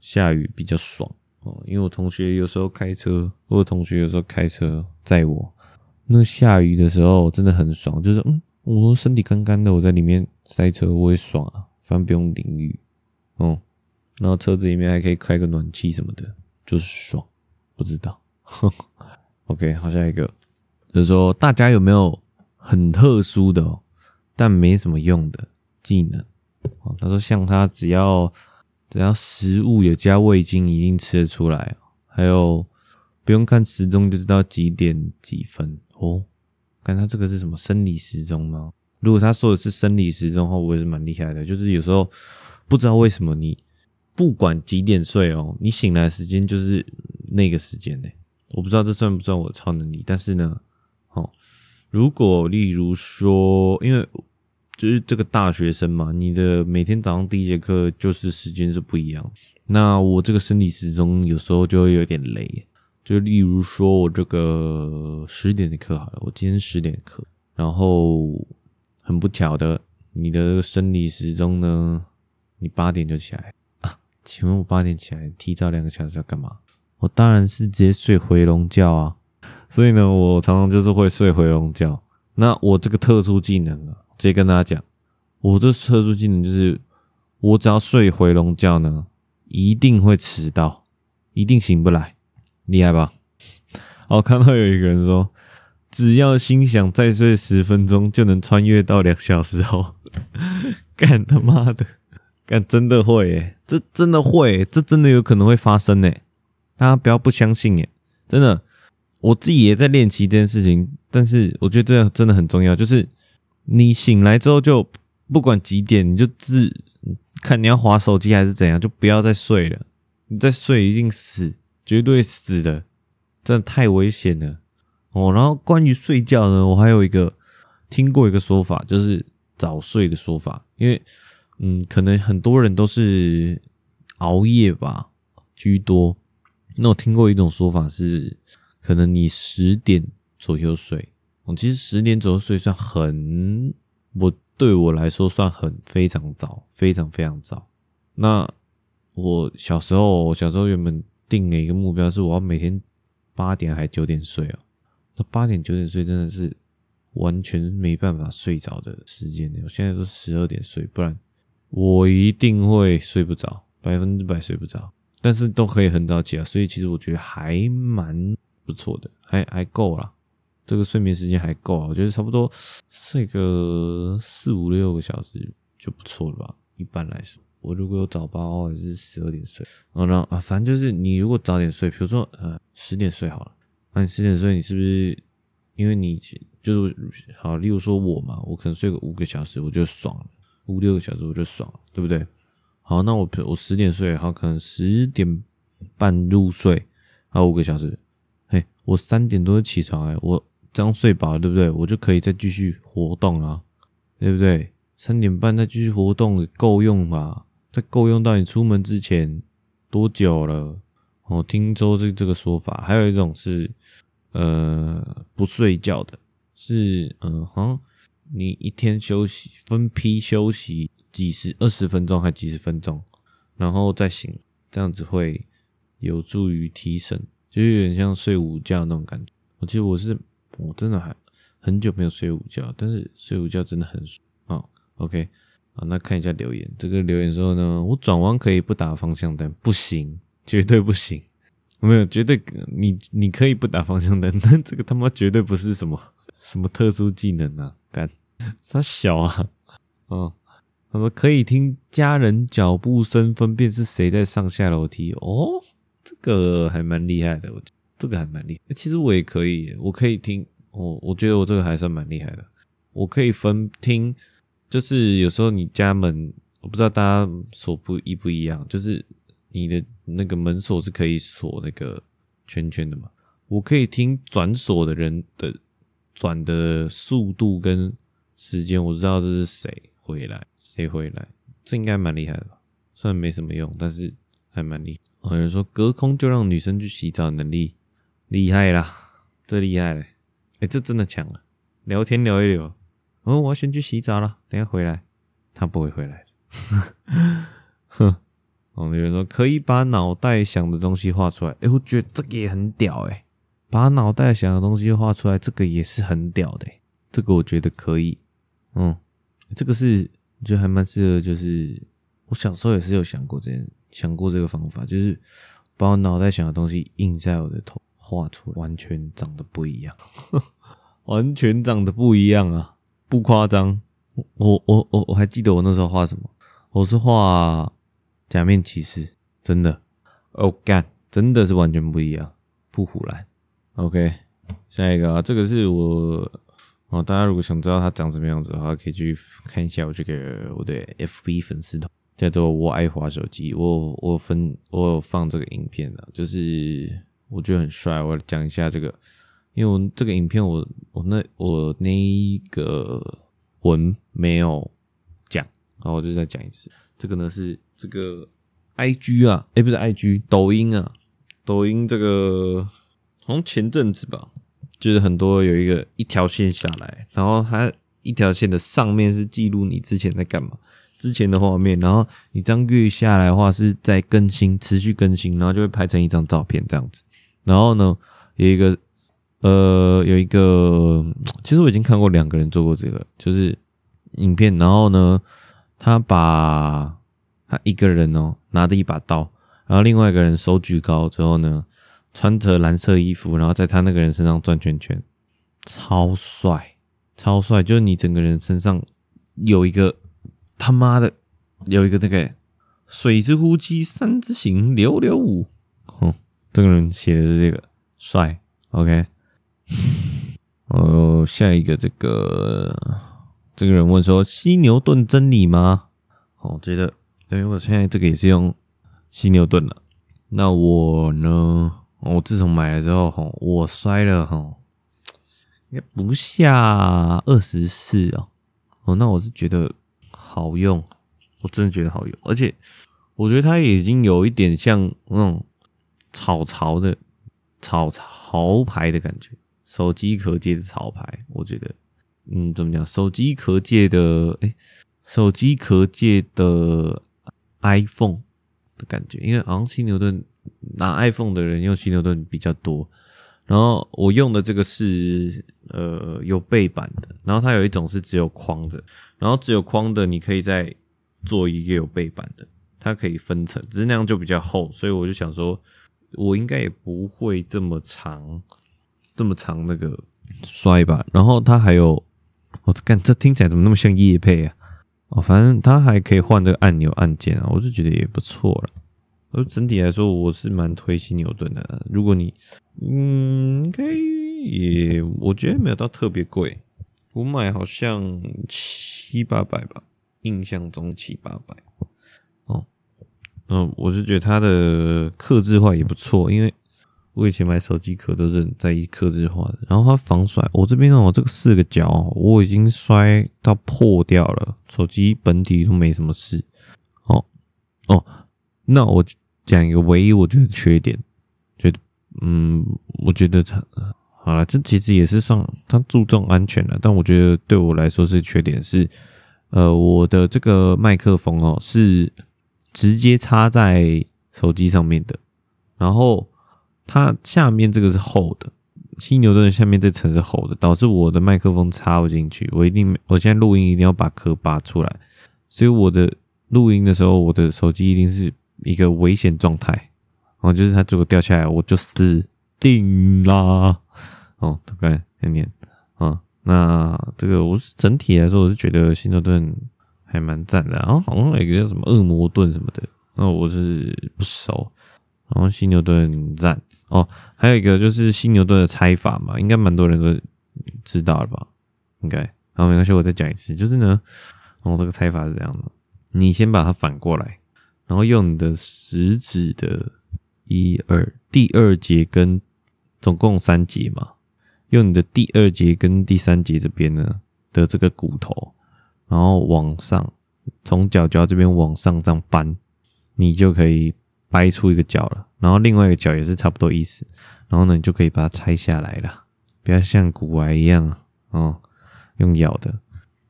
下雨比較爽哦。因為我同學有時候開車，或者同學有時候開車載我，那下雨的時候真的很爽，就是嗯，我身體乾干的，我在裡面塞車我也爽啊，反正不用淋雨哦、嗯。然後車子裡面還可以開個暖氣什麼的，就是爽。不知道，哼呵呵。OK，好，下一個，就是說大家有沒有很特殊的，但沒什麼用的技能？哦，他說像他只要只要食物有加味精，一定吃得出來。還有不用看時鐘就知道幾點幾分哦、喔。看他這個是什麼生理時鐘嗎？如果他說的是生理時鐘的話，我也是蠻厲害的。就是有時候不知道為什麼你不管幾點睡哦、喔，你醒來的時間就是那個時間呢。我不知道這算不算我的超能力，但是呢，哦，如果例如說，因為就是這個大學生嘛，你的每天早上第一節課就是時間是不一樣，那我這個生理時鐘有時候就會有點累。就例如說我這個十點的課好了，我今天十點的課，然後很不巧的，你的生理時鐘呢，你八點就起來。啊，請問我八點起來提早兩個小時要幹嘛？我當然是直接睡回籠覺啊，所以呢，我常常就是會睡回籠覺。那我這個特殊技能啊，直接跟大家講，我這特殊技能就是，我只要睡回籠覺呢，一定會遲到，一定醒不來，厲害吧？哦，看到有一個人說，只要心想再睡十分鐘，就能穿越到兩小時後、哦。幹 他媽的，幹真的會誒，這真的會？這真的有可能會發生誒？大家不要不相信耶，真的，我自己也在練習這件事情，但是我覺得這樣真的很重要，就是你醒來之後就不管幾點，你就自看你要滑手機還是怎樣，就不要再睡了，你再睡一定死，絕對死的，真的太危險了哦。然後關於睡覺呢，我還有一個聽過一個說法，就是早睡的說法，因為嗯，可能很多人都是熬夜吧居多。那我聽過一種說法是，可能你十點左右睡，其實十點左右睡算很，我對我來說算很非常早，非常非常早。那我小時候，小時候原本定了一個目標是我要每天八點還九點睡哦，八點九點睡真的是完全沒辦法睡着的時間。我現在都十二點睡，不然我一定會睡不着，百分之百睡不着。但是都可以很早起啊，所以其實我覺得還蠻不錯的，還還夠了。這個睡眠時間還夠，啊，我覺得差不多睡個四五六個小時就不錯了吧。一般來說，我如果有早八或者，十二點睡，然後啊，反正就是你如果早點睡，比如說呃十點睡好了，那、啊、你十點睡，你是不是因為你就是好？例如說我嘛，我可能睡個五個小時我就爽了，五六個小時我就爽了，對不對？好，那我我十點睡了，好，可能十點半入睡，好五個小時。嘿，我三點多就起床，哎，我這樣睡飽了對不對？我就可以再繼續活動了，對不對？三點半再繼續活動夠用吧？再夠用到你出門之前多久了？我聽說是這個說法，還有一種是呃不睡覺的，是嗯哼、呃，你一天休息，分批休息。幾十二十分鐘，還幾十分鐘，然後再醒，這樣子會有助於提神，就有點像睡午覺那種感覺。我、哦、其實我是，我真的還很久沒有睡午覺，但是睡午覺真的很爽、哦。OK，啊、哦，那看一下留言，這個留言說呢，我轉彎可以不打方向燈，不行，絕對不行，沒有，絕對你你可以不打方向燈，但這個他媽絕對不是什麼什麼特殊技能啊，幹，啥小啊，嗯、哦。他說：“可以聽家人腳步聲，分辨是誰在上下樓梯？哦，這個還蠻厲害的。我覺得這個還蠻厲害，其實我也可以，我可以聽。我、哦、我覺得我這個還算蠻厲害的。我可以分聽，就是有時候你家門，我不知道大家鎖不一不一樣，就是你的那個門鎖是可以鎖那個圈圈的嘛。我可以聽轉鎖的人的轉的速度跟時間，我知道這是誰。”回來誰回來？這應該蠻厲害的吧，雖然沒什麼用，但是還蠻厲、哦。有人說隔空就讓女生去洗澡，能力厲害啦，這厲害了、欸，哎、欸，這真的強了。聊天聊一聊，哦，我要先去洗澡了，等一下回來，她不會回來。哼。 嗯、哦，有人說可以把腦袋想的東西畫出來，哎、欸，我覺得這個也很屌哎、欸，把腦袋想的東西畫出來，這個也是很屌的、欸，這個我覺得可以，嗯。這個是，就還蠻適合。就是我小時候也是有想過這樣，想過這個方法，就是把我腦袋想的東西印在我的頭，畫出來，完全長得不一樣， 完全長得不一樣啊，不誇張。我我我我還記得我那時候畫什麼，我是畫假面騎士，真的。Oh God，真的是完全不一樣，不胡來。OK，下一個啊，這個是我。哦，大家如果想知道他長什麼樣子的話，可以去看一下我這個我的 FB 粉絲團，叫做我滑“我愛滑手機”。我分我分我有放這個影片呢，就是我覺得很帥，我來講一下這個，因為我這個影片我我那我那一個文沒有講，然後我就再講一次。這個呢是這個 IG 啊，誒、欸、不是 IG，抖音啊，抖音這個好像前陣子吧。就是很多有一個一條線下來，然後它一條線的上面是記錄你之前在幹嘛之前的畫面，然後你這樣下來的話是在更新持續更新，然後就會拍成一張照片這樣子。然後呢，有一個呃有一個，其實我已經看過兩個人做過這個，就是影片。然後呢，他把他一個人哦、喔、拿着一把刀，然後另外一個人手舉高之後呢，穿着藍色衣服，然後在他那個人身上轉圈圈，超帥，超帥！就是你整個人身上有一個他媽的，有一個那個水之呼吸三之型流流舞，哼、哦，這個人寫的是這個帥，OK。 哦，下一個這個，這個人問說，犀牛盾真理嗎？哦，我覺得，因為我現在這個也是用犀牛盾了，那我呢？我自從買了之後，吼，我摔了，吼，也不下二十四哦。哦，那我是覺得好用，我真的覺得好用，而且我覺得它已經有一點像那種超潮的超潮牌的感覺，手機殼界的潮牌，我覺得，嗯，怎麼講，手機殼界的，哎、欸，手機殼界的 iPhone 的感覺，因為好像犀牛盾。拿 iPhone 的人用犀牛盾比較多，然後我用的這個是呃有背板的，然後它有一種是只有框的，然後只有框的你可以再做一個有背板的，它可以分層，只是那樣就比較厚，所以我就想說我應該也不會這麼長這麼長那個摔吧。然後它還有我看、哦、這聽起來怎麼那麼像業配啊？哦，反正它還可以換這個按鈕按鍵啊，我就覺得也不錯了。而整體來說，我是蠻推犀牛盾的。如果你，嗯，可以也，我覺得沒有到特別貴，我買好像七八百吧，印象中七八百。哦，嗯，我是覺得它的客製化也不錯，因為我以前買手機殼都是在意客製化的。然後它防摔，我、哦、這邊哦，這個四個角、哦、我已經摔到破掉了，手機本體都沒什麼事。哦，哦，那我。講一個唯一我覺得缺點，覺得嗯，我覺得它好了，這其實也是算它注重安全了，但我覺得對我來說是缺點是，呃，我的這個麥克風哦、喔、是直接插在手機上面的，然後它下面這個是厚的，犀牛盾下面這層是厚的，導致我的麥克風插不進去，我一定我現在錄音一定要把殼拔出來，所以我的錄音的時候，我的手機一定是。一個危險狀態，哦，就是它如果掉下來，我就死定啦，哦，概很黏。嗯，那這個我是整體來說，我是覺得犀牛盾還蠻讚的、啊。然、oh, 後好像有一個叫什麼惡魔盾什麼的，那、oh, 我是不熟。然後犀牛盾讚。哦、oh,，還有一個就是犀牛盾的拆法嘛，應該蠻多人都知道了吧？應該。然後沒關係，我再講一次，就是呢，然、oh, 這個拆法是這樣的：你先把它反過來。然後用你的食指的一二，第二節跟總共三節嘛，用你的第二節跟第三節這邊呢的這個骨頭，然後往上從腳腳這邊往上這樣扳，你就可以掰出一個腳了。然後另外一個腳也是差不多意思，然後呢你就可以把它拆下來了，不要像骨癌一樣哦，用咬的。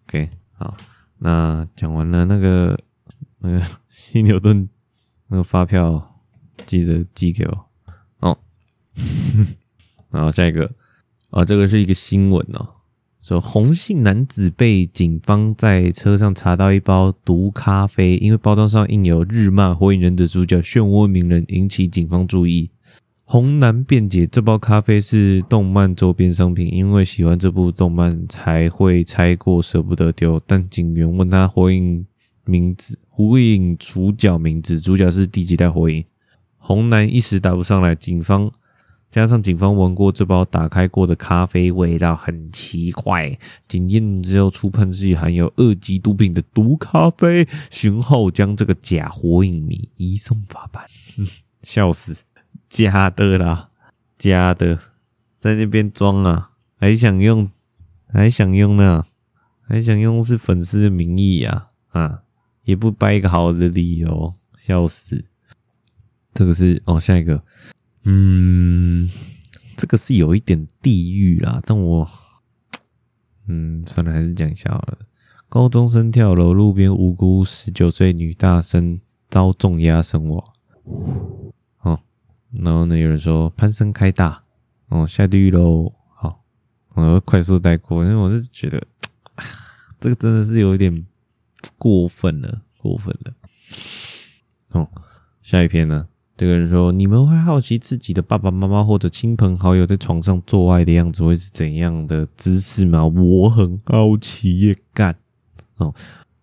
OK，好，那講完了那個。那個 新牛頓，那個發票記得寄給我哦。哼。然後下一個，哦，這個是一個新聞哦，說紅姓男子被警方在車上查到一包毒咖啡，因為包裝上印有日漫《火影忍者》主角漩渦鳴人，引起警方注意。紅男辯解，這包咖啡是動漫周邊商品，因為喜歡這部動漫才會拆過，捨不得丟。但警員問他《火影》。名字，火影主角名字，主角是第幾代火影？紅男一時答不上來。警方加上警方聞過這包打開過的咖啡，味道很奇怪。警員之後觸碰自己含有二級毒品的毒咖啡，隨後將這個假火影迷移送法辦,。 笑死，假的啦，假的，在那邊裝啊，還想用，還想用呢，還想用是粉絲的名義啊，啊。也不掰一個好的理由，笑死！這個是哦，下一個，嗯，這個是有一點地獄啦，但我，嗯，算了，還是講笑了。高中生跳樓，路邊無辜；十九歲女大生遭重壓身亡。哦，然後呢，有人說攀升開大，哦，下地獄嘍！好，我要快速帶過，因為我是覺得，這個真的是有一點，過分了，過分了。哦，下一篇呢？這個人說：“你們會好奇自己的爸爸媽媽或者親朋好友在床上做愛的樣子會是怎樣的姿勢嗎？”我很好奇耶，也幹。哦，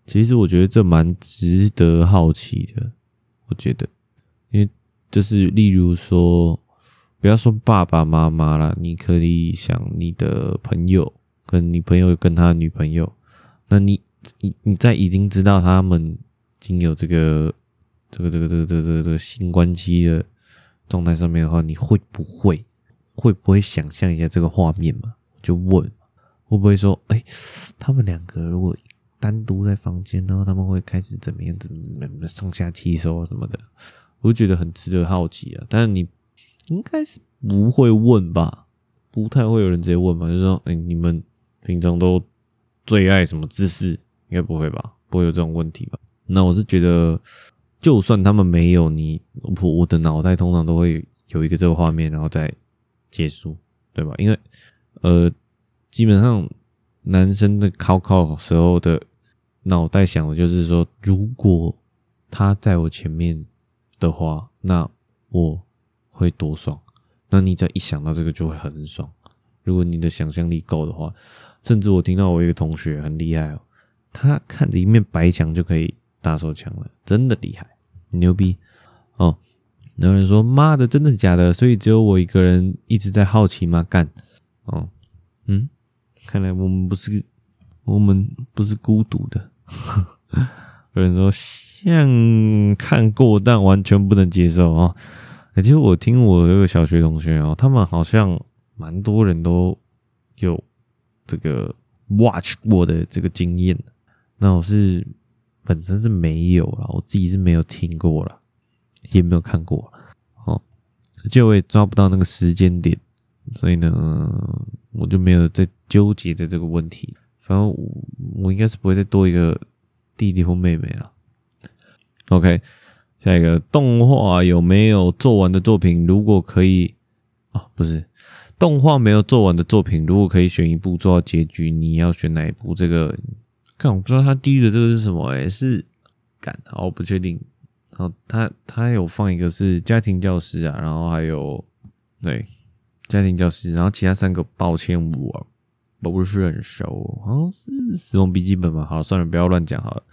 其實我覺得這蠻值得好奇的。我覺得，因為就是例如說，不要說爸爸媽媽了，你可以想你的朋友跟你朋友跟他的女朋友，那你。你你在已經知道他們已經有、這個、這個這個這個這這個個這個新關係的狀態上面的話，你會不會會不會想象一下這個畫面嘛？就問會不會說，哎，他們兩個如果單獨在房間，然後他們會開始怎麼樣子上下其手啊什麼的，我就覺得很值得好奇啊。但你應該是不會問吧？不太會有人直接問吧？就說，哎，你們平常都最愛什麼姿勢？應該不會吧？不會有這種問題吧？那我是覺得，就算他們沒有你，我我的腦袋通常都會有一個這個畫面，然後再結束，對吧？因為呃，基本上男生的考考時候的腦袋想的就是說，如果他在我前面的話，那我會多爽。那你只要一想到這個就會很爽，如果你的想象力夠的話，甚至我聽到我一個同學很厲害哦。他看着一面白牆就可以打手槍了，真的厲害，牛逼哦！有人說：“媽的，真的假的？”所以只有我一個人一直在好奇嗎？幹哦，嗯，看來我們不是我們不是孤獨的。 有人說像看過，但完全不能接受哦。欸、其實我聽我有個小學同學哦，他們好像蠻多人都有這個 watch 我的這個經驗。那我是本身是沒有啦，我自己是沒有聽過啦，也沒有看過，哦，而且我也抓不到那個時間點，所以呢，我就沒有在糾結在這個問題。反正我，我應該是不會再多一個弟弟或妹妹啦。OK，下一個動畫有沒有做完的作品？如果可以啊，哦，不是動畫沒有做完的作品，如果可以選一部做到結局，你要選哪一部？這個。我不知道他第一個這個是什麼、欸，誒是感，我不確定，然後他他有放一個是家庭教師啊，然後還有對家庭教師，然後其他三個，抱歉我，、啊、我不是很熟、哦，好像是死亡筆記本嘛，好，算了，不要亂講好了。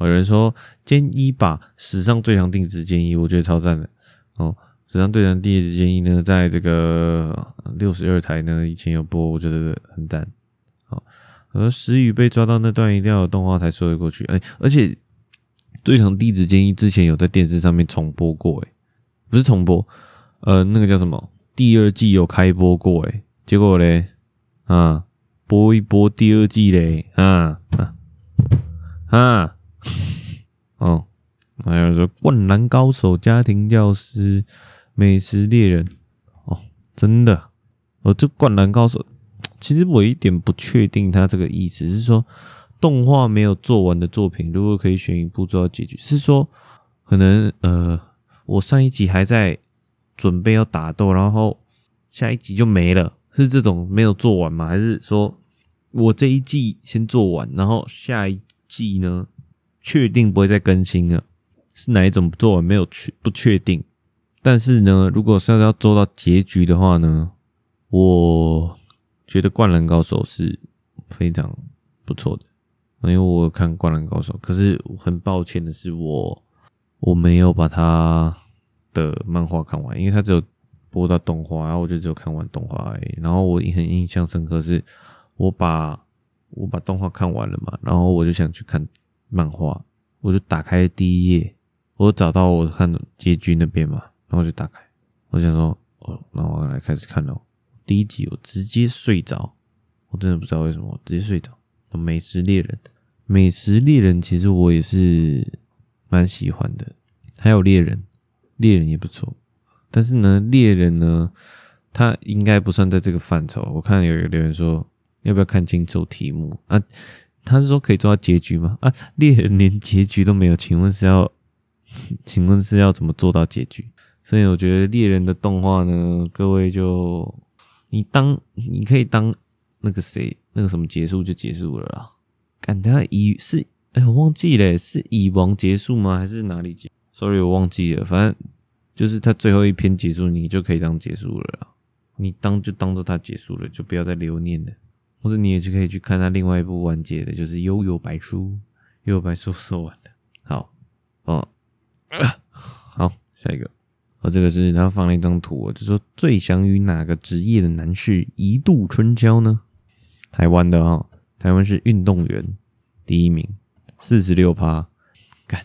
有人說兼一吧，史上最強弟子兼一，我覺得超讚的。哦，史上最強弟子兼一呢，在這個六十二台呢以前有播，我覺得很讚。好。而石宇被抓到那段一定要有動畫才說得過去。哎、欸，而且《最強弟子》建議之前有在電視上面重播過、欸，誒不是重播，呃，那個叫什麼？第二季有開播過、欸，誒結果嘞，啊，播一播第二季嘞，啊啊啊！哦，還、嗯、有說《灌籃高手》《家庭教師》《美食獵人》哦，真的，哦，這《灌籃高手》。其實我一點不確定，他這個意思是說，動畫沒有做完的作品，如果可以選一部做到結局，是說可能呃，我上一集還在準備要打鬥，然後下一集就沒了，是這種沒有做完嗎？還是說我這一季先做完，然後下一季呢，確定不會再更新了？是哪一種做完沒有，不確定？但是呢，如果是要做到結局的話呢，我。覺得《灌籃高手》是非常不錯的，因為我有看《灌籃高手》，可是很抱歉的是我，我我沒有把他的漫畫看完，因為他只有播到動畫，然後我就只有看完動畫而已。然後我很印象深刻，是我把我把動畫看完了嘛，然後我就想去看漫畫，我就打開第一頁，我找到我看結局那邊嘛，然後就打開，我想說，哦，那我來開始看咯。第一集我直接睡着，我真的不知道為什麼我直接睡着。美食獵人，美食獵人其實我也是蠻喜歡的，還有獵人，獵人也不錯。但是呢，獵人呢，他應該不算在這個範疇。我看有有個留言說，要不要看清楚題目啊？他是說可以做到結局嗎？啊，獵人連結局都沒有，請問是要 請問是要怎麼做到結局？所以我覺得獵人的動畫呢，各位就。你當，你可以當那個誰，那個什麼結束就結束了啦。看，他以是，哎、欸，我忘記了，是以王結束嗎？還是哪裡結束？Sorry，我忘記了。反正就是他最後一篇結束，你就可以當結束了啦。你當就當做他結束了，就不要再留念了。或者你也就可以去看他另外一部完結的，就是《幽遊白書》，《幽遊白書》說完了。好，哦、嗯呃，好，下一個。呃、哦，這個是他放了一張圖，就說最想與哪個職業的男士一度春宵呢？台灣的哈、哦，台灣是運動員第一名，四十六趴，干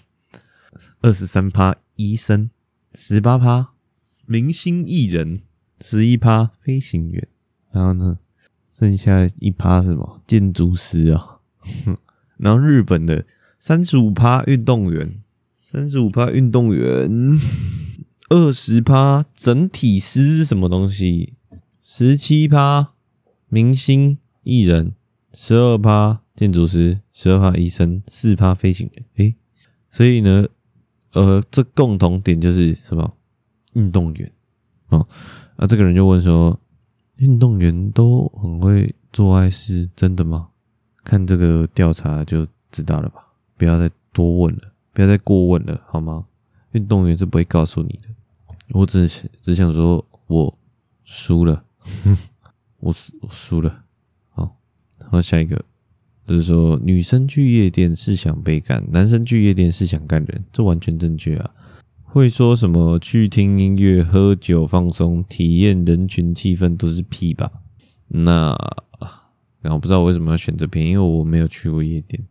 二十三趴，醫生十八趴，明星藝人十一趴，飛行員，然後呢，剩下一趴是什麼建築師啊，哼，然後日本的三十五趴運動員，三十五趴運動員。二十趴，整體師是什麼東西？十七趴，明星藝人，十二趴，建築師，十二趴，醫生，四趴，飛行員。誒、欸，所以呢，呃，這共同點就是什麼？運動員。哦，啊，這個人就問說，運動員都很會做愛事，真的嗎？看這個調查就知道了吧。不要再多問了，不要再過問了，好嗎？運動員是不會告訴你的。我只只想說我輸了 我，我輸了，我輸輸了。好，然後下一個就是說，女生去夜店是想被幹，男生去夜店是想幹人，這完全正確啊！會說什麼去聽音樂、喝酒、放鬆、體驗人群氣氛，都是屁吧？那然後不知道我為什麼要選這篇，因為我沒有去過夜店，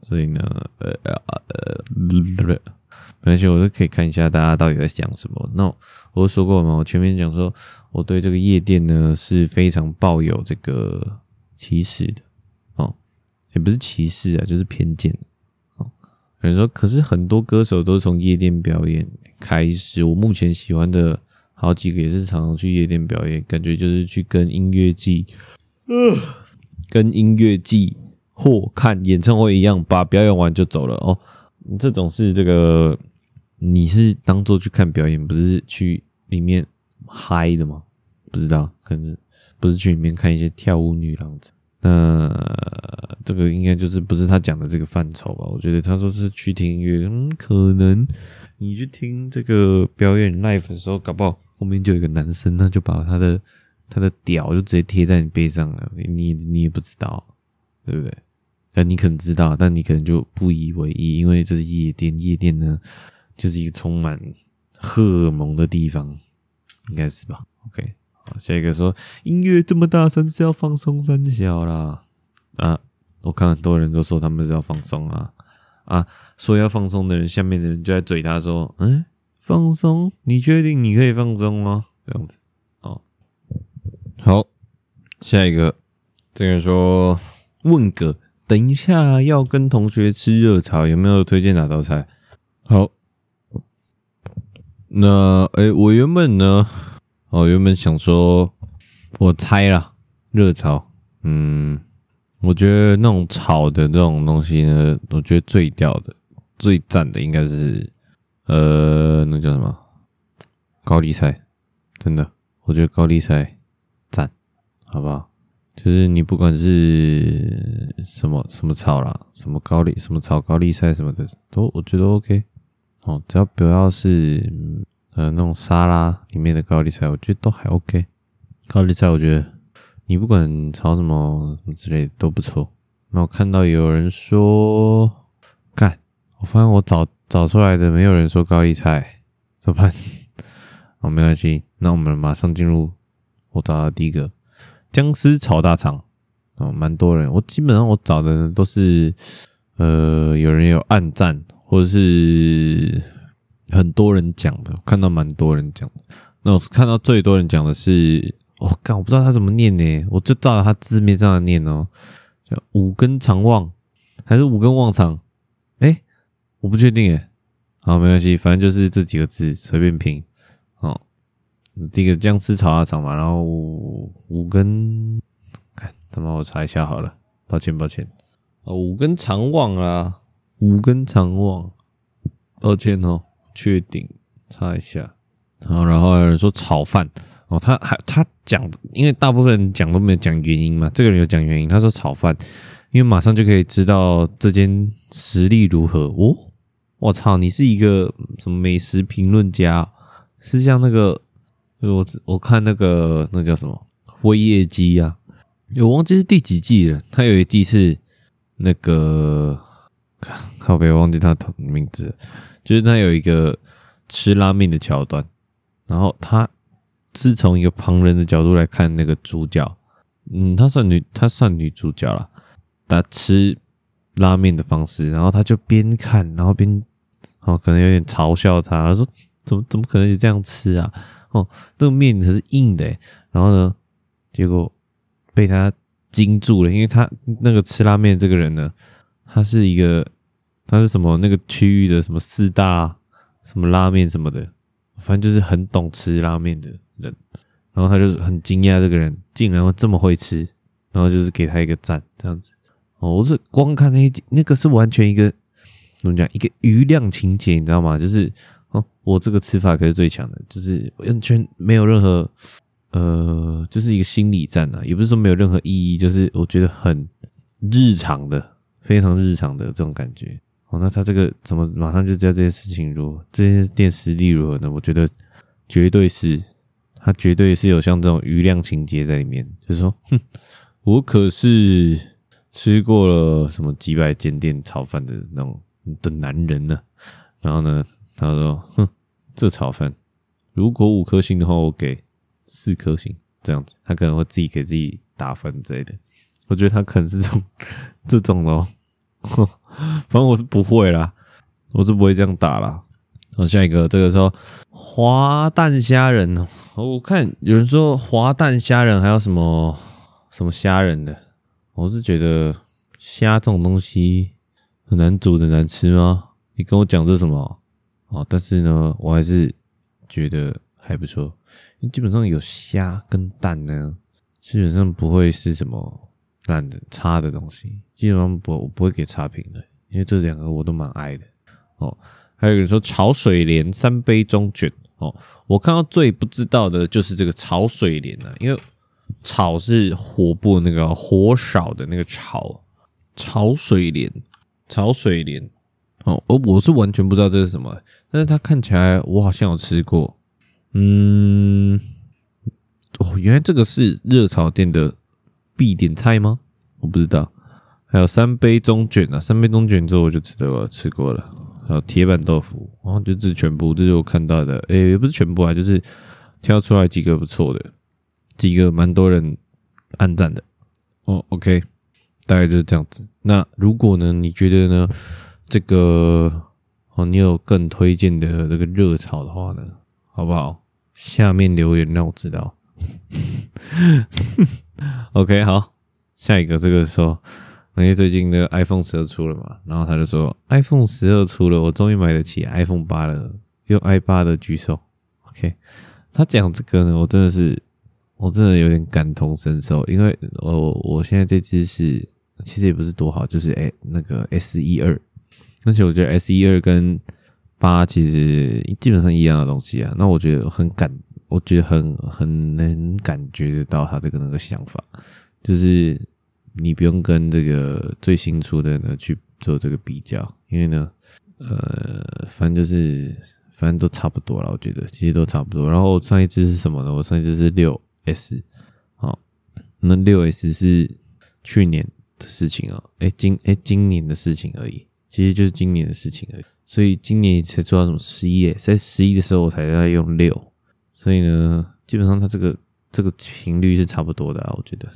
所以呢，呃呃。呃呃而且我都可以看一下大家到底在想什麼。那我，我說過嘛，我前面講說我對這個夜店呢是非常抱有這個歧視的哦，也不是歧視啊，就是偏見。哦，有人說，可是很多歌手都是從夜店表演開始。我目前喜歡的好幾個也是常常去夜店表演，感覺就是去跟音樂祭、呃，跟音樂祭或看演唱會一樣，把表演完就走了哦、嗯。這種是這個。你是當做去看表演，不是去裡面嗨的嗎？不知道，可能不是去裡面看一些跳舞女郎子。那這個應該就是不是他講的這個範疇吧？我覺得他說是去聽音樂，嗯，可能你去聽這個表演 live 的時候，搞不好後面就有一個男生，他就把他的他的屌就直接貼在你背上了，你你也不知道，對不對？但你可能知道，但你可能就不以為意，因為這是夜店，夜店呢。就是一個充滿荷爾蒙的地方，應該是吧？OK，好，下一個說音樂這麼大聲是要放鬆三小啦啊！我看很多人都說他們是要放鬆啊啊，說要放鬆的人，下面的人就在嘴他說：“嗯、欸，放鬆，你確定你可以放鬆嗎？”這樣子，好，好，下一個這個說問個，等一下要跟同學吃熱炒，有沒有推薦哪道菜？好。那誒，我原本呢，我、哦、原本想說，我猜啦，熱潮，嗯，我覺得那種炒的這種東西呢，我覺得最屌的、最讚的，應該是呃，那個、叫什麼？高麗菜，真的，我覺得高麗菜讚，好不好？就是你不管是什麼什麼炒啦，什麼高利什麼炒高麗菜什麼的，都我覺得 OK。哦，只要不要是呃、那種沙拉裡面的高麗菜，我覺得都還 OK。高麗菜，我覺得你不管炒什麼什麼之類的都不錯。那我看到有人說干，我發現我找找出來的沒有人說高麗菜，怎麼辦？哦，沒關係，那我們馬上進入我找到的第一個，薑絲炒大腸。哦，蠻多人，我基本上我找的都是呃，有人有按讚。或者是很多人講的，看到蠻多人講的。那我看到最多人講的是，我、哦、靠，我不知道他怎麼念呢？我就照着他字面上的念哦、喔，叫五根腸旺，還是五根旺腸？哎、欸，我不確定哎。好，沒關係，反正就是這幾個字隨便拼。哦，這個薑絲炒大腸嘛，然後五,五根，看他幫我查一下好了。抱歉，抱歉，五根腸旺啊。五根腸旺，抱歉哦。確定，差一下。好，然後然後有人說炒飯哦，他還他講，因為大部分人講都沒有講原因嘛。這個人有講原因，他說炒飯，因為馬上就可以知道這間實力如何。哦，我操，你是一個什麼美食評論家？是像那個我我看那個那叫什麼《輝夜姬啊。哦，我忘記是第幾季了。他有一季是那個。可別忘記他的名字，就是他有一個吃拉麵的橋段。然後他是從一個旁人的角度來看那個主角，嗯，她算女，她算女主角了。她吃拉麵的方式，然後他就邊看，然後邊哦，可能有點嘲笑她他他，說怎麼怎麼可能就這樣吃啊？哦，那個麵可是硬的、欸。然後呢，結果被他驚住了，因為他那個吃拉麵這個人呢。他是一個，他是什麼那個區域的什麼四大什麼拉麵什麼的，反正就是很懂吃拉麵的人。然後他就很驚訝，這個人竟然會這麼會吃，然後就是給他一個讚這樣子。哦，我是光看那個那個是完全一個怎麼講？一個餘量情節，你知道嗎？就是哦、喔，我這個吃法可是最強的，就是完全沒有任何呃，就是一個心理戰啊，也不是說沒有任何意義，就是我覺得很日常的。非常日常的這種感覺，哦，那他這個怎麼馬上就知道這些事情如何？如這些店實力如何呢？我覺得絕對是，他絕對是有像這種餘量情節在裡面，就是說，哼，我可是吃過了什麼幾百間店炒飯的那種的男人呢、啊。然後呢，他說，哼，這炒飯如果五顆星的話，我給四顆星，這樣子，他可能會自己給自己打分之類的。我覺得他可能是這種，這種哦、喔， 反正我是不會啦，我是不會這樣打啦。好，下一個，這個說滑蛋蝦仁哦，我看有人說滑蛋蝦仁還有什麼什麼蝦仁的，我是覺得蝦這種東西很難煮的難吃嗎？你跟我講這什麼？哦，但是呢，我還是覺得還不錯，基本上有蝦跟蛋呢，基本上不會是什麼。爛的差的東西，基本上不我不會給差評的，因為這兩個我都蠻愛的。哦，還有人說炒水蓮三杯中卷，哦，我看到最不知道的就是這個炒水蓮啊，因為炒是火部那個火少的那個炒，炒水蓮，炒水蓮，哦，我我是完全不知道這是什麼，但是它看起來我好像有吃過，嗯，哦，原來這個是熱炒店的必點菜嗎？我不知道。還有三杯中卷啊，三杯中卷之後我就知道我吃過了。還有鐵板豆腐，然、哦、後就是全部，這、就是我看到的。哎、欸，也不是全部啊，就是挑出來幾個不錯的，幾個蠻多人按讚的。哦，OK，大概就是這樣子。那如果呢，你覺得呢？這個哦，你有更推薦的這個熱炒的話呢，好不好？下面留言讓我知道。 OK，好，下一個這個說，因為最近那個 iPhone 十二出了嘛，然後他就說 iPhone 十二出了，我終於買得起 iPhone 八了，用 i 八的舉手。OK，他講這個呢，我真的是，我真的有點感同身受，因為我我現在這支是其實也不是多好，就是誒，那個 S E 二，而且我覺得 S E 二跟八其實基本上一樣的東西啊，那我覺得很感。我覺得很很能感覺得到他這個那個想法，就是你不用跟這個最新出的呢去做這個比較，因為呢，呃，反正就是反正都差不多啦，我覺得其實都差不多。然後我上一支是什麼呢？我上一支是六 S，好，那六 S 是去年的事情啊，喔，哎，欸，今哎，欸，今年的事情而已，其實就是今年的事情而已。所以今年才做到什麼十一，欸？在十一的時候我才在用六。所以呢，基本上它這個這個頻率是差不多的啊，我覺得。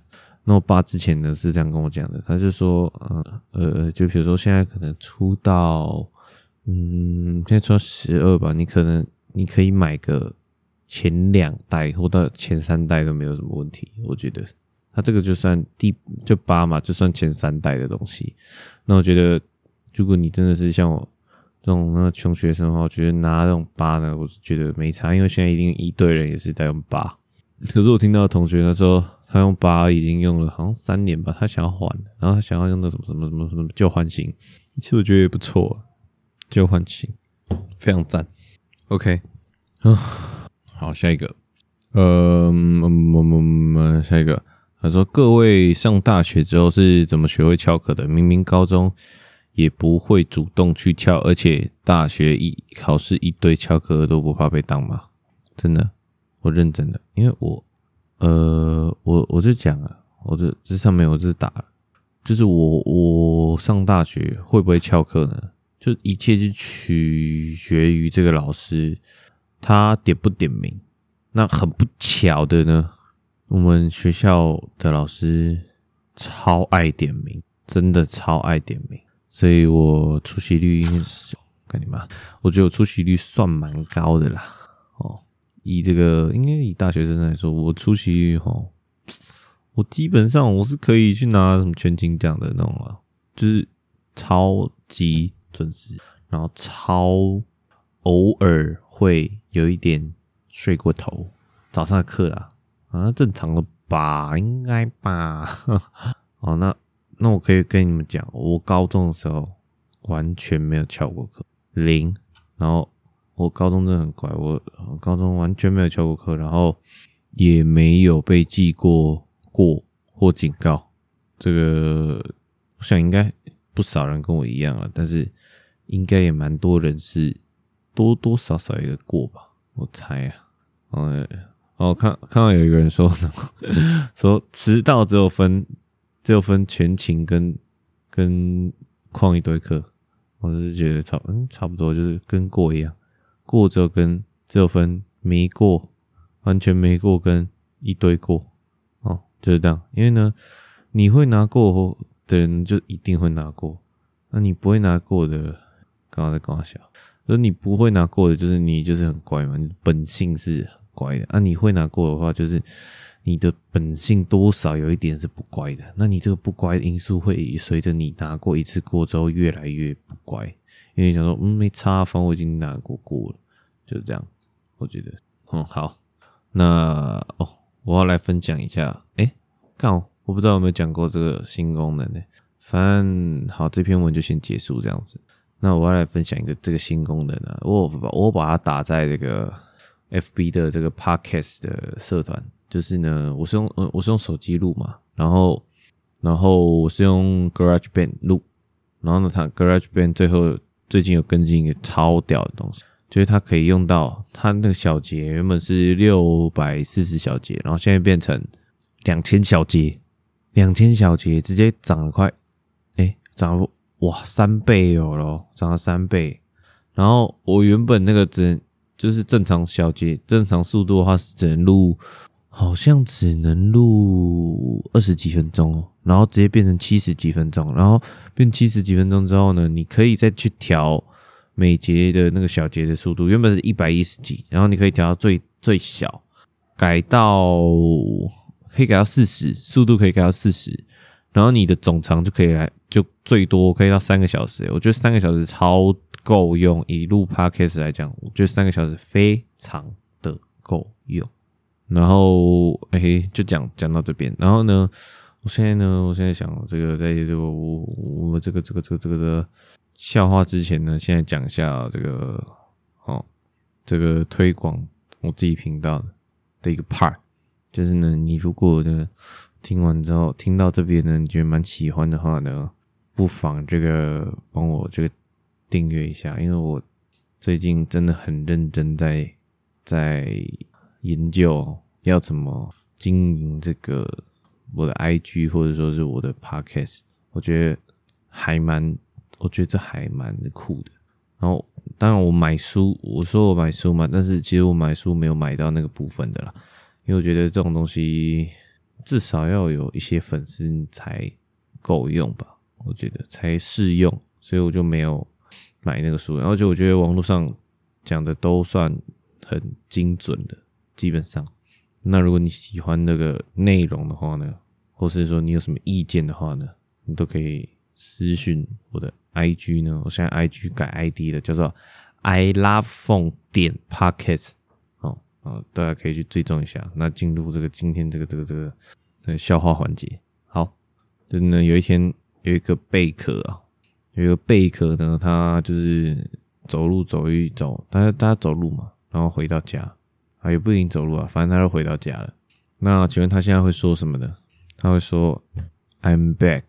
那我爸之前呢是這樣跟我講的，他就說，嗯呃，就比如說現在可能出到，嗯，現在出到十二吧，你可能你可以買個前兩代或到前三代都沒有什麼問題，我覺得。他這個就算第就八嘛，就算前三代的東西，那我覺得，如果你真的是像我。這種那窮、個、學生的話，我覺得拿這種八呢，我是覺得沒差，因為現在一定一堆人也是在用八。可是我聽到同學他說他用八已經用了好像三年吧，他想要換，然後他想要用那什麼什麼什麼什麼舊換新，其實我覺得也不錯，舊換新非常贊。OK，嗯、啊，好，下一個，呃、嗯嗯嗯嗯嗯，下一個，他說各位上大學之後是怎麼學會翹課的？明明高中。也不會主動去翹，而且大學一考試一堆翹課都不怕被當嗎？真的，我認真的，因為我，呃，我我就講啊，我這這上面我這打了，就是我我上大學會不會翹課呢？就一切就取決於這個老師他點不點名。那很不巧的呢，我們學校的老師超愛點名，真的超愛點名。所以我出席率應該是，看你吧，我覺得我出席率算蠻高的啦。哦，以這個，應該以大學生來說，我出席率吼、哦，我基本上我是可以去拿什麼全勤獎的那種了、啊，就是超級準時，然後超偶爾會有一點睡過頭，早上的課啦，啊，正常了吧，應該吧。哦，那。那我可以跟你們講，我高中的時候完全沒有翹過課。零，然後我高中真的很乖，我高中完全沒有翹過課，然後也沒有被記過過或警告。這個我想應該不少人跟我一樣了，但是應該也蠻多人是多多少少一個過吧，我猜啊。嗯，看看到有一個人說什麼說遲到只有分。只有分全勤跟跟曠一堆課，我是覺得差嗯差不多就是跟過一樣，過之後跟只有分沒過，完全沒過跟一堆過哦，就是這樣。因為呢，你會拿過的人就一定會拿過，那、啊、你不會拿過的，剛剛在搞笑，就你不會拿過的，就是你就是很乖嘛，你本性是很乖的。那、啊、你會拿過的話，就是。你的本性多少有一點是不乖的，那你這個不乖的因素會隨着你拿過一次鍋之後越來越不乖，因為你想說嗯沒差，反正我已經拿過鍋了，就這樣。我覺得嗯好，那哦我要來分享一下，哎、欸，看哦，我不知道有沒有講過這個新功能呢，反正好，這篇文就先結束這樣子。那我要來分享一個這個新功能啊，我我，我把它打在這個。F B 的這個 Podcast 的社團，就是呢，我是用嗯，我是用手機錄嘛，然後，然後我是用 GarageBand 錄，然後呢，它 GarageBand 最後最近有更新一個超屌的東西，就是它可以用到它那個小節，原本是六百四十小節，然後現在變成兩千小節，兩千小節直接漲了快，誒，漲了哇三倍哦咯，漲了三倍，然後我原本那個只。就是正常小節，正常速度的話是只能錄，好像只能錄二十幾分鐘哦，然後直接變成七十幾分鐘，然後變七十幾分鐘之後呢，你可以再去調每節的那個小節的速度，原本是一百一十幾，然後你可以調到最最小，改到可以改到四十，速度可以改到四十，然後你的總長就可以來，就最多可以到三個小時。欸，我覺得三個小時超夠用，以錄 Podcast 來講，就三個小時非常的夠用。然後，哎、欸，就講講到這邊。然後呢，我現在呢，我現在想這個，在、這個，我我這個這個這個這個的笑話之前呢，現在講一下、喔、這個哦、喔，這個推廣我自己頻道的的一個 part，就是呢，你如果呢聽完之後聽到這邊呢，你覺得蠻喜歡的話呢，不妨這個幫我這個。訂閱一下，因為我最近真的很認真在在研究要怎麼經營這個我的 IG 或者說是我的 Podcast，我覺得還蠻，我覺得這還蠻酷的。然後當然我買書，我說我買書嘛，但是其實我買書沒有買到那個部分的啦，因為我覺得這種東西至少要有一些粉絲才夠用吧，我覺得才適用，所以我就沒有。買那個書，而且我覺得網絡上講的都算很精準的，基本上。那如果你喜歡那個內容的話呢，或是說你有什麼意見的話呢，你都可以私信我的 I G 呢。我現在 I G 改 I D 了，叫做 I Love Phone 點 podcast。哦哦，大家可以去追蹤一下。那進入這個今天這個這個這個這、那個笑話環節。好，真的有一天有一個貝殼啊。有一個貝殼呢，他就是走路走一走，他他走路嘛，然後回到家，啊也不一定走路啊，反正他是回到家了。那請問他現在會說什麼呢？他會說：“I'm back。”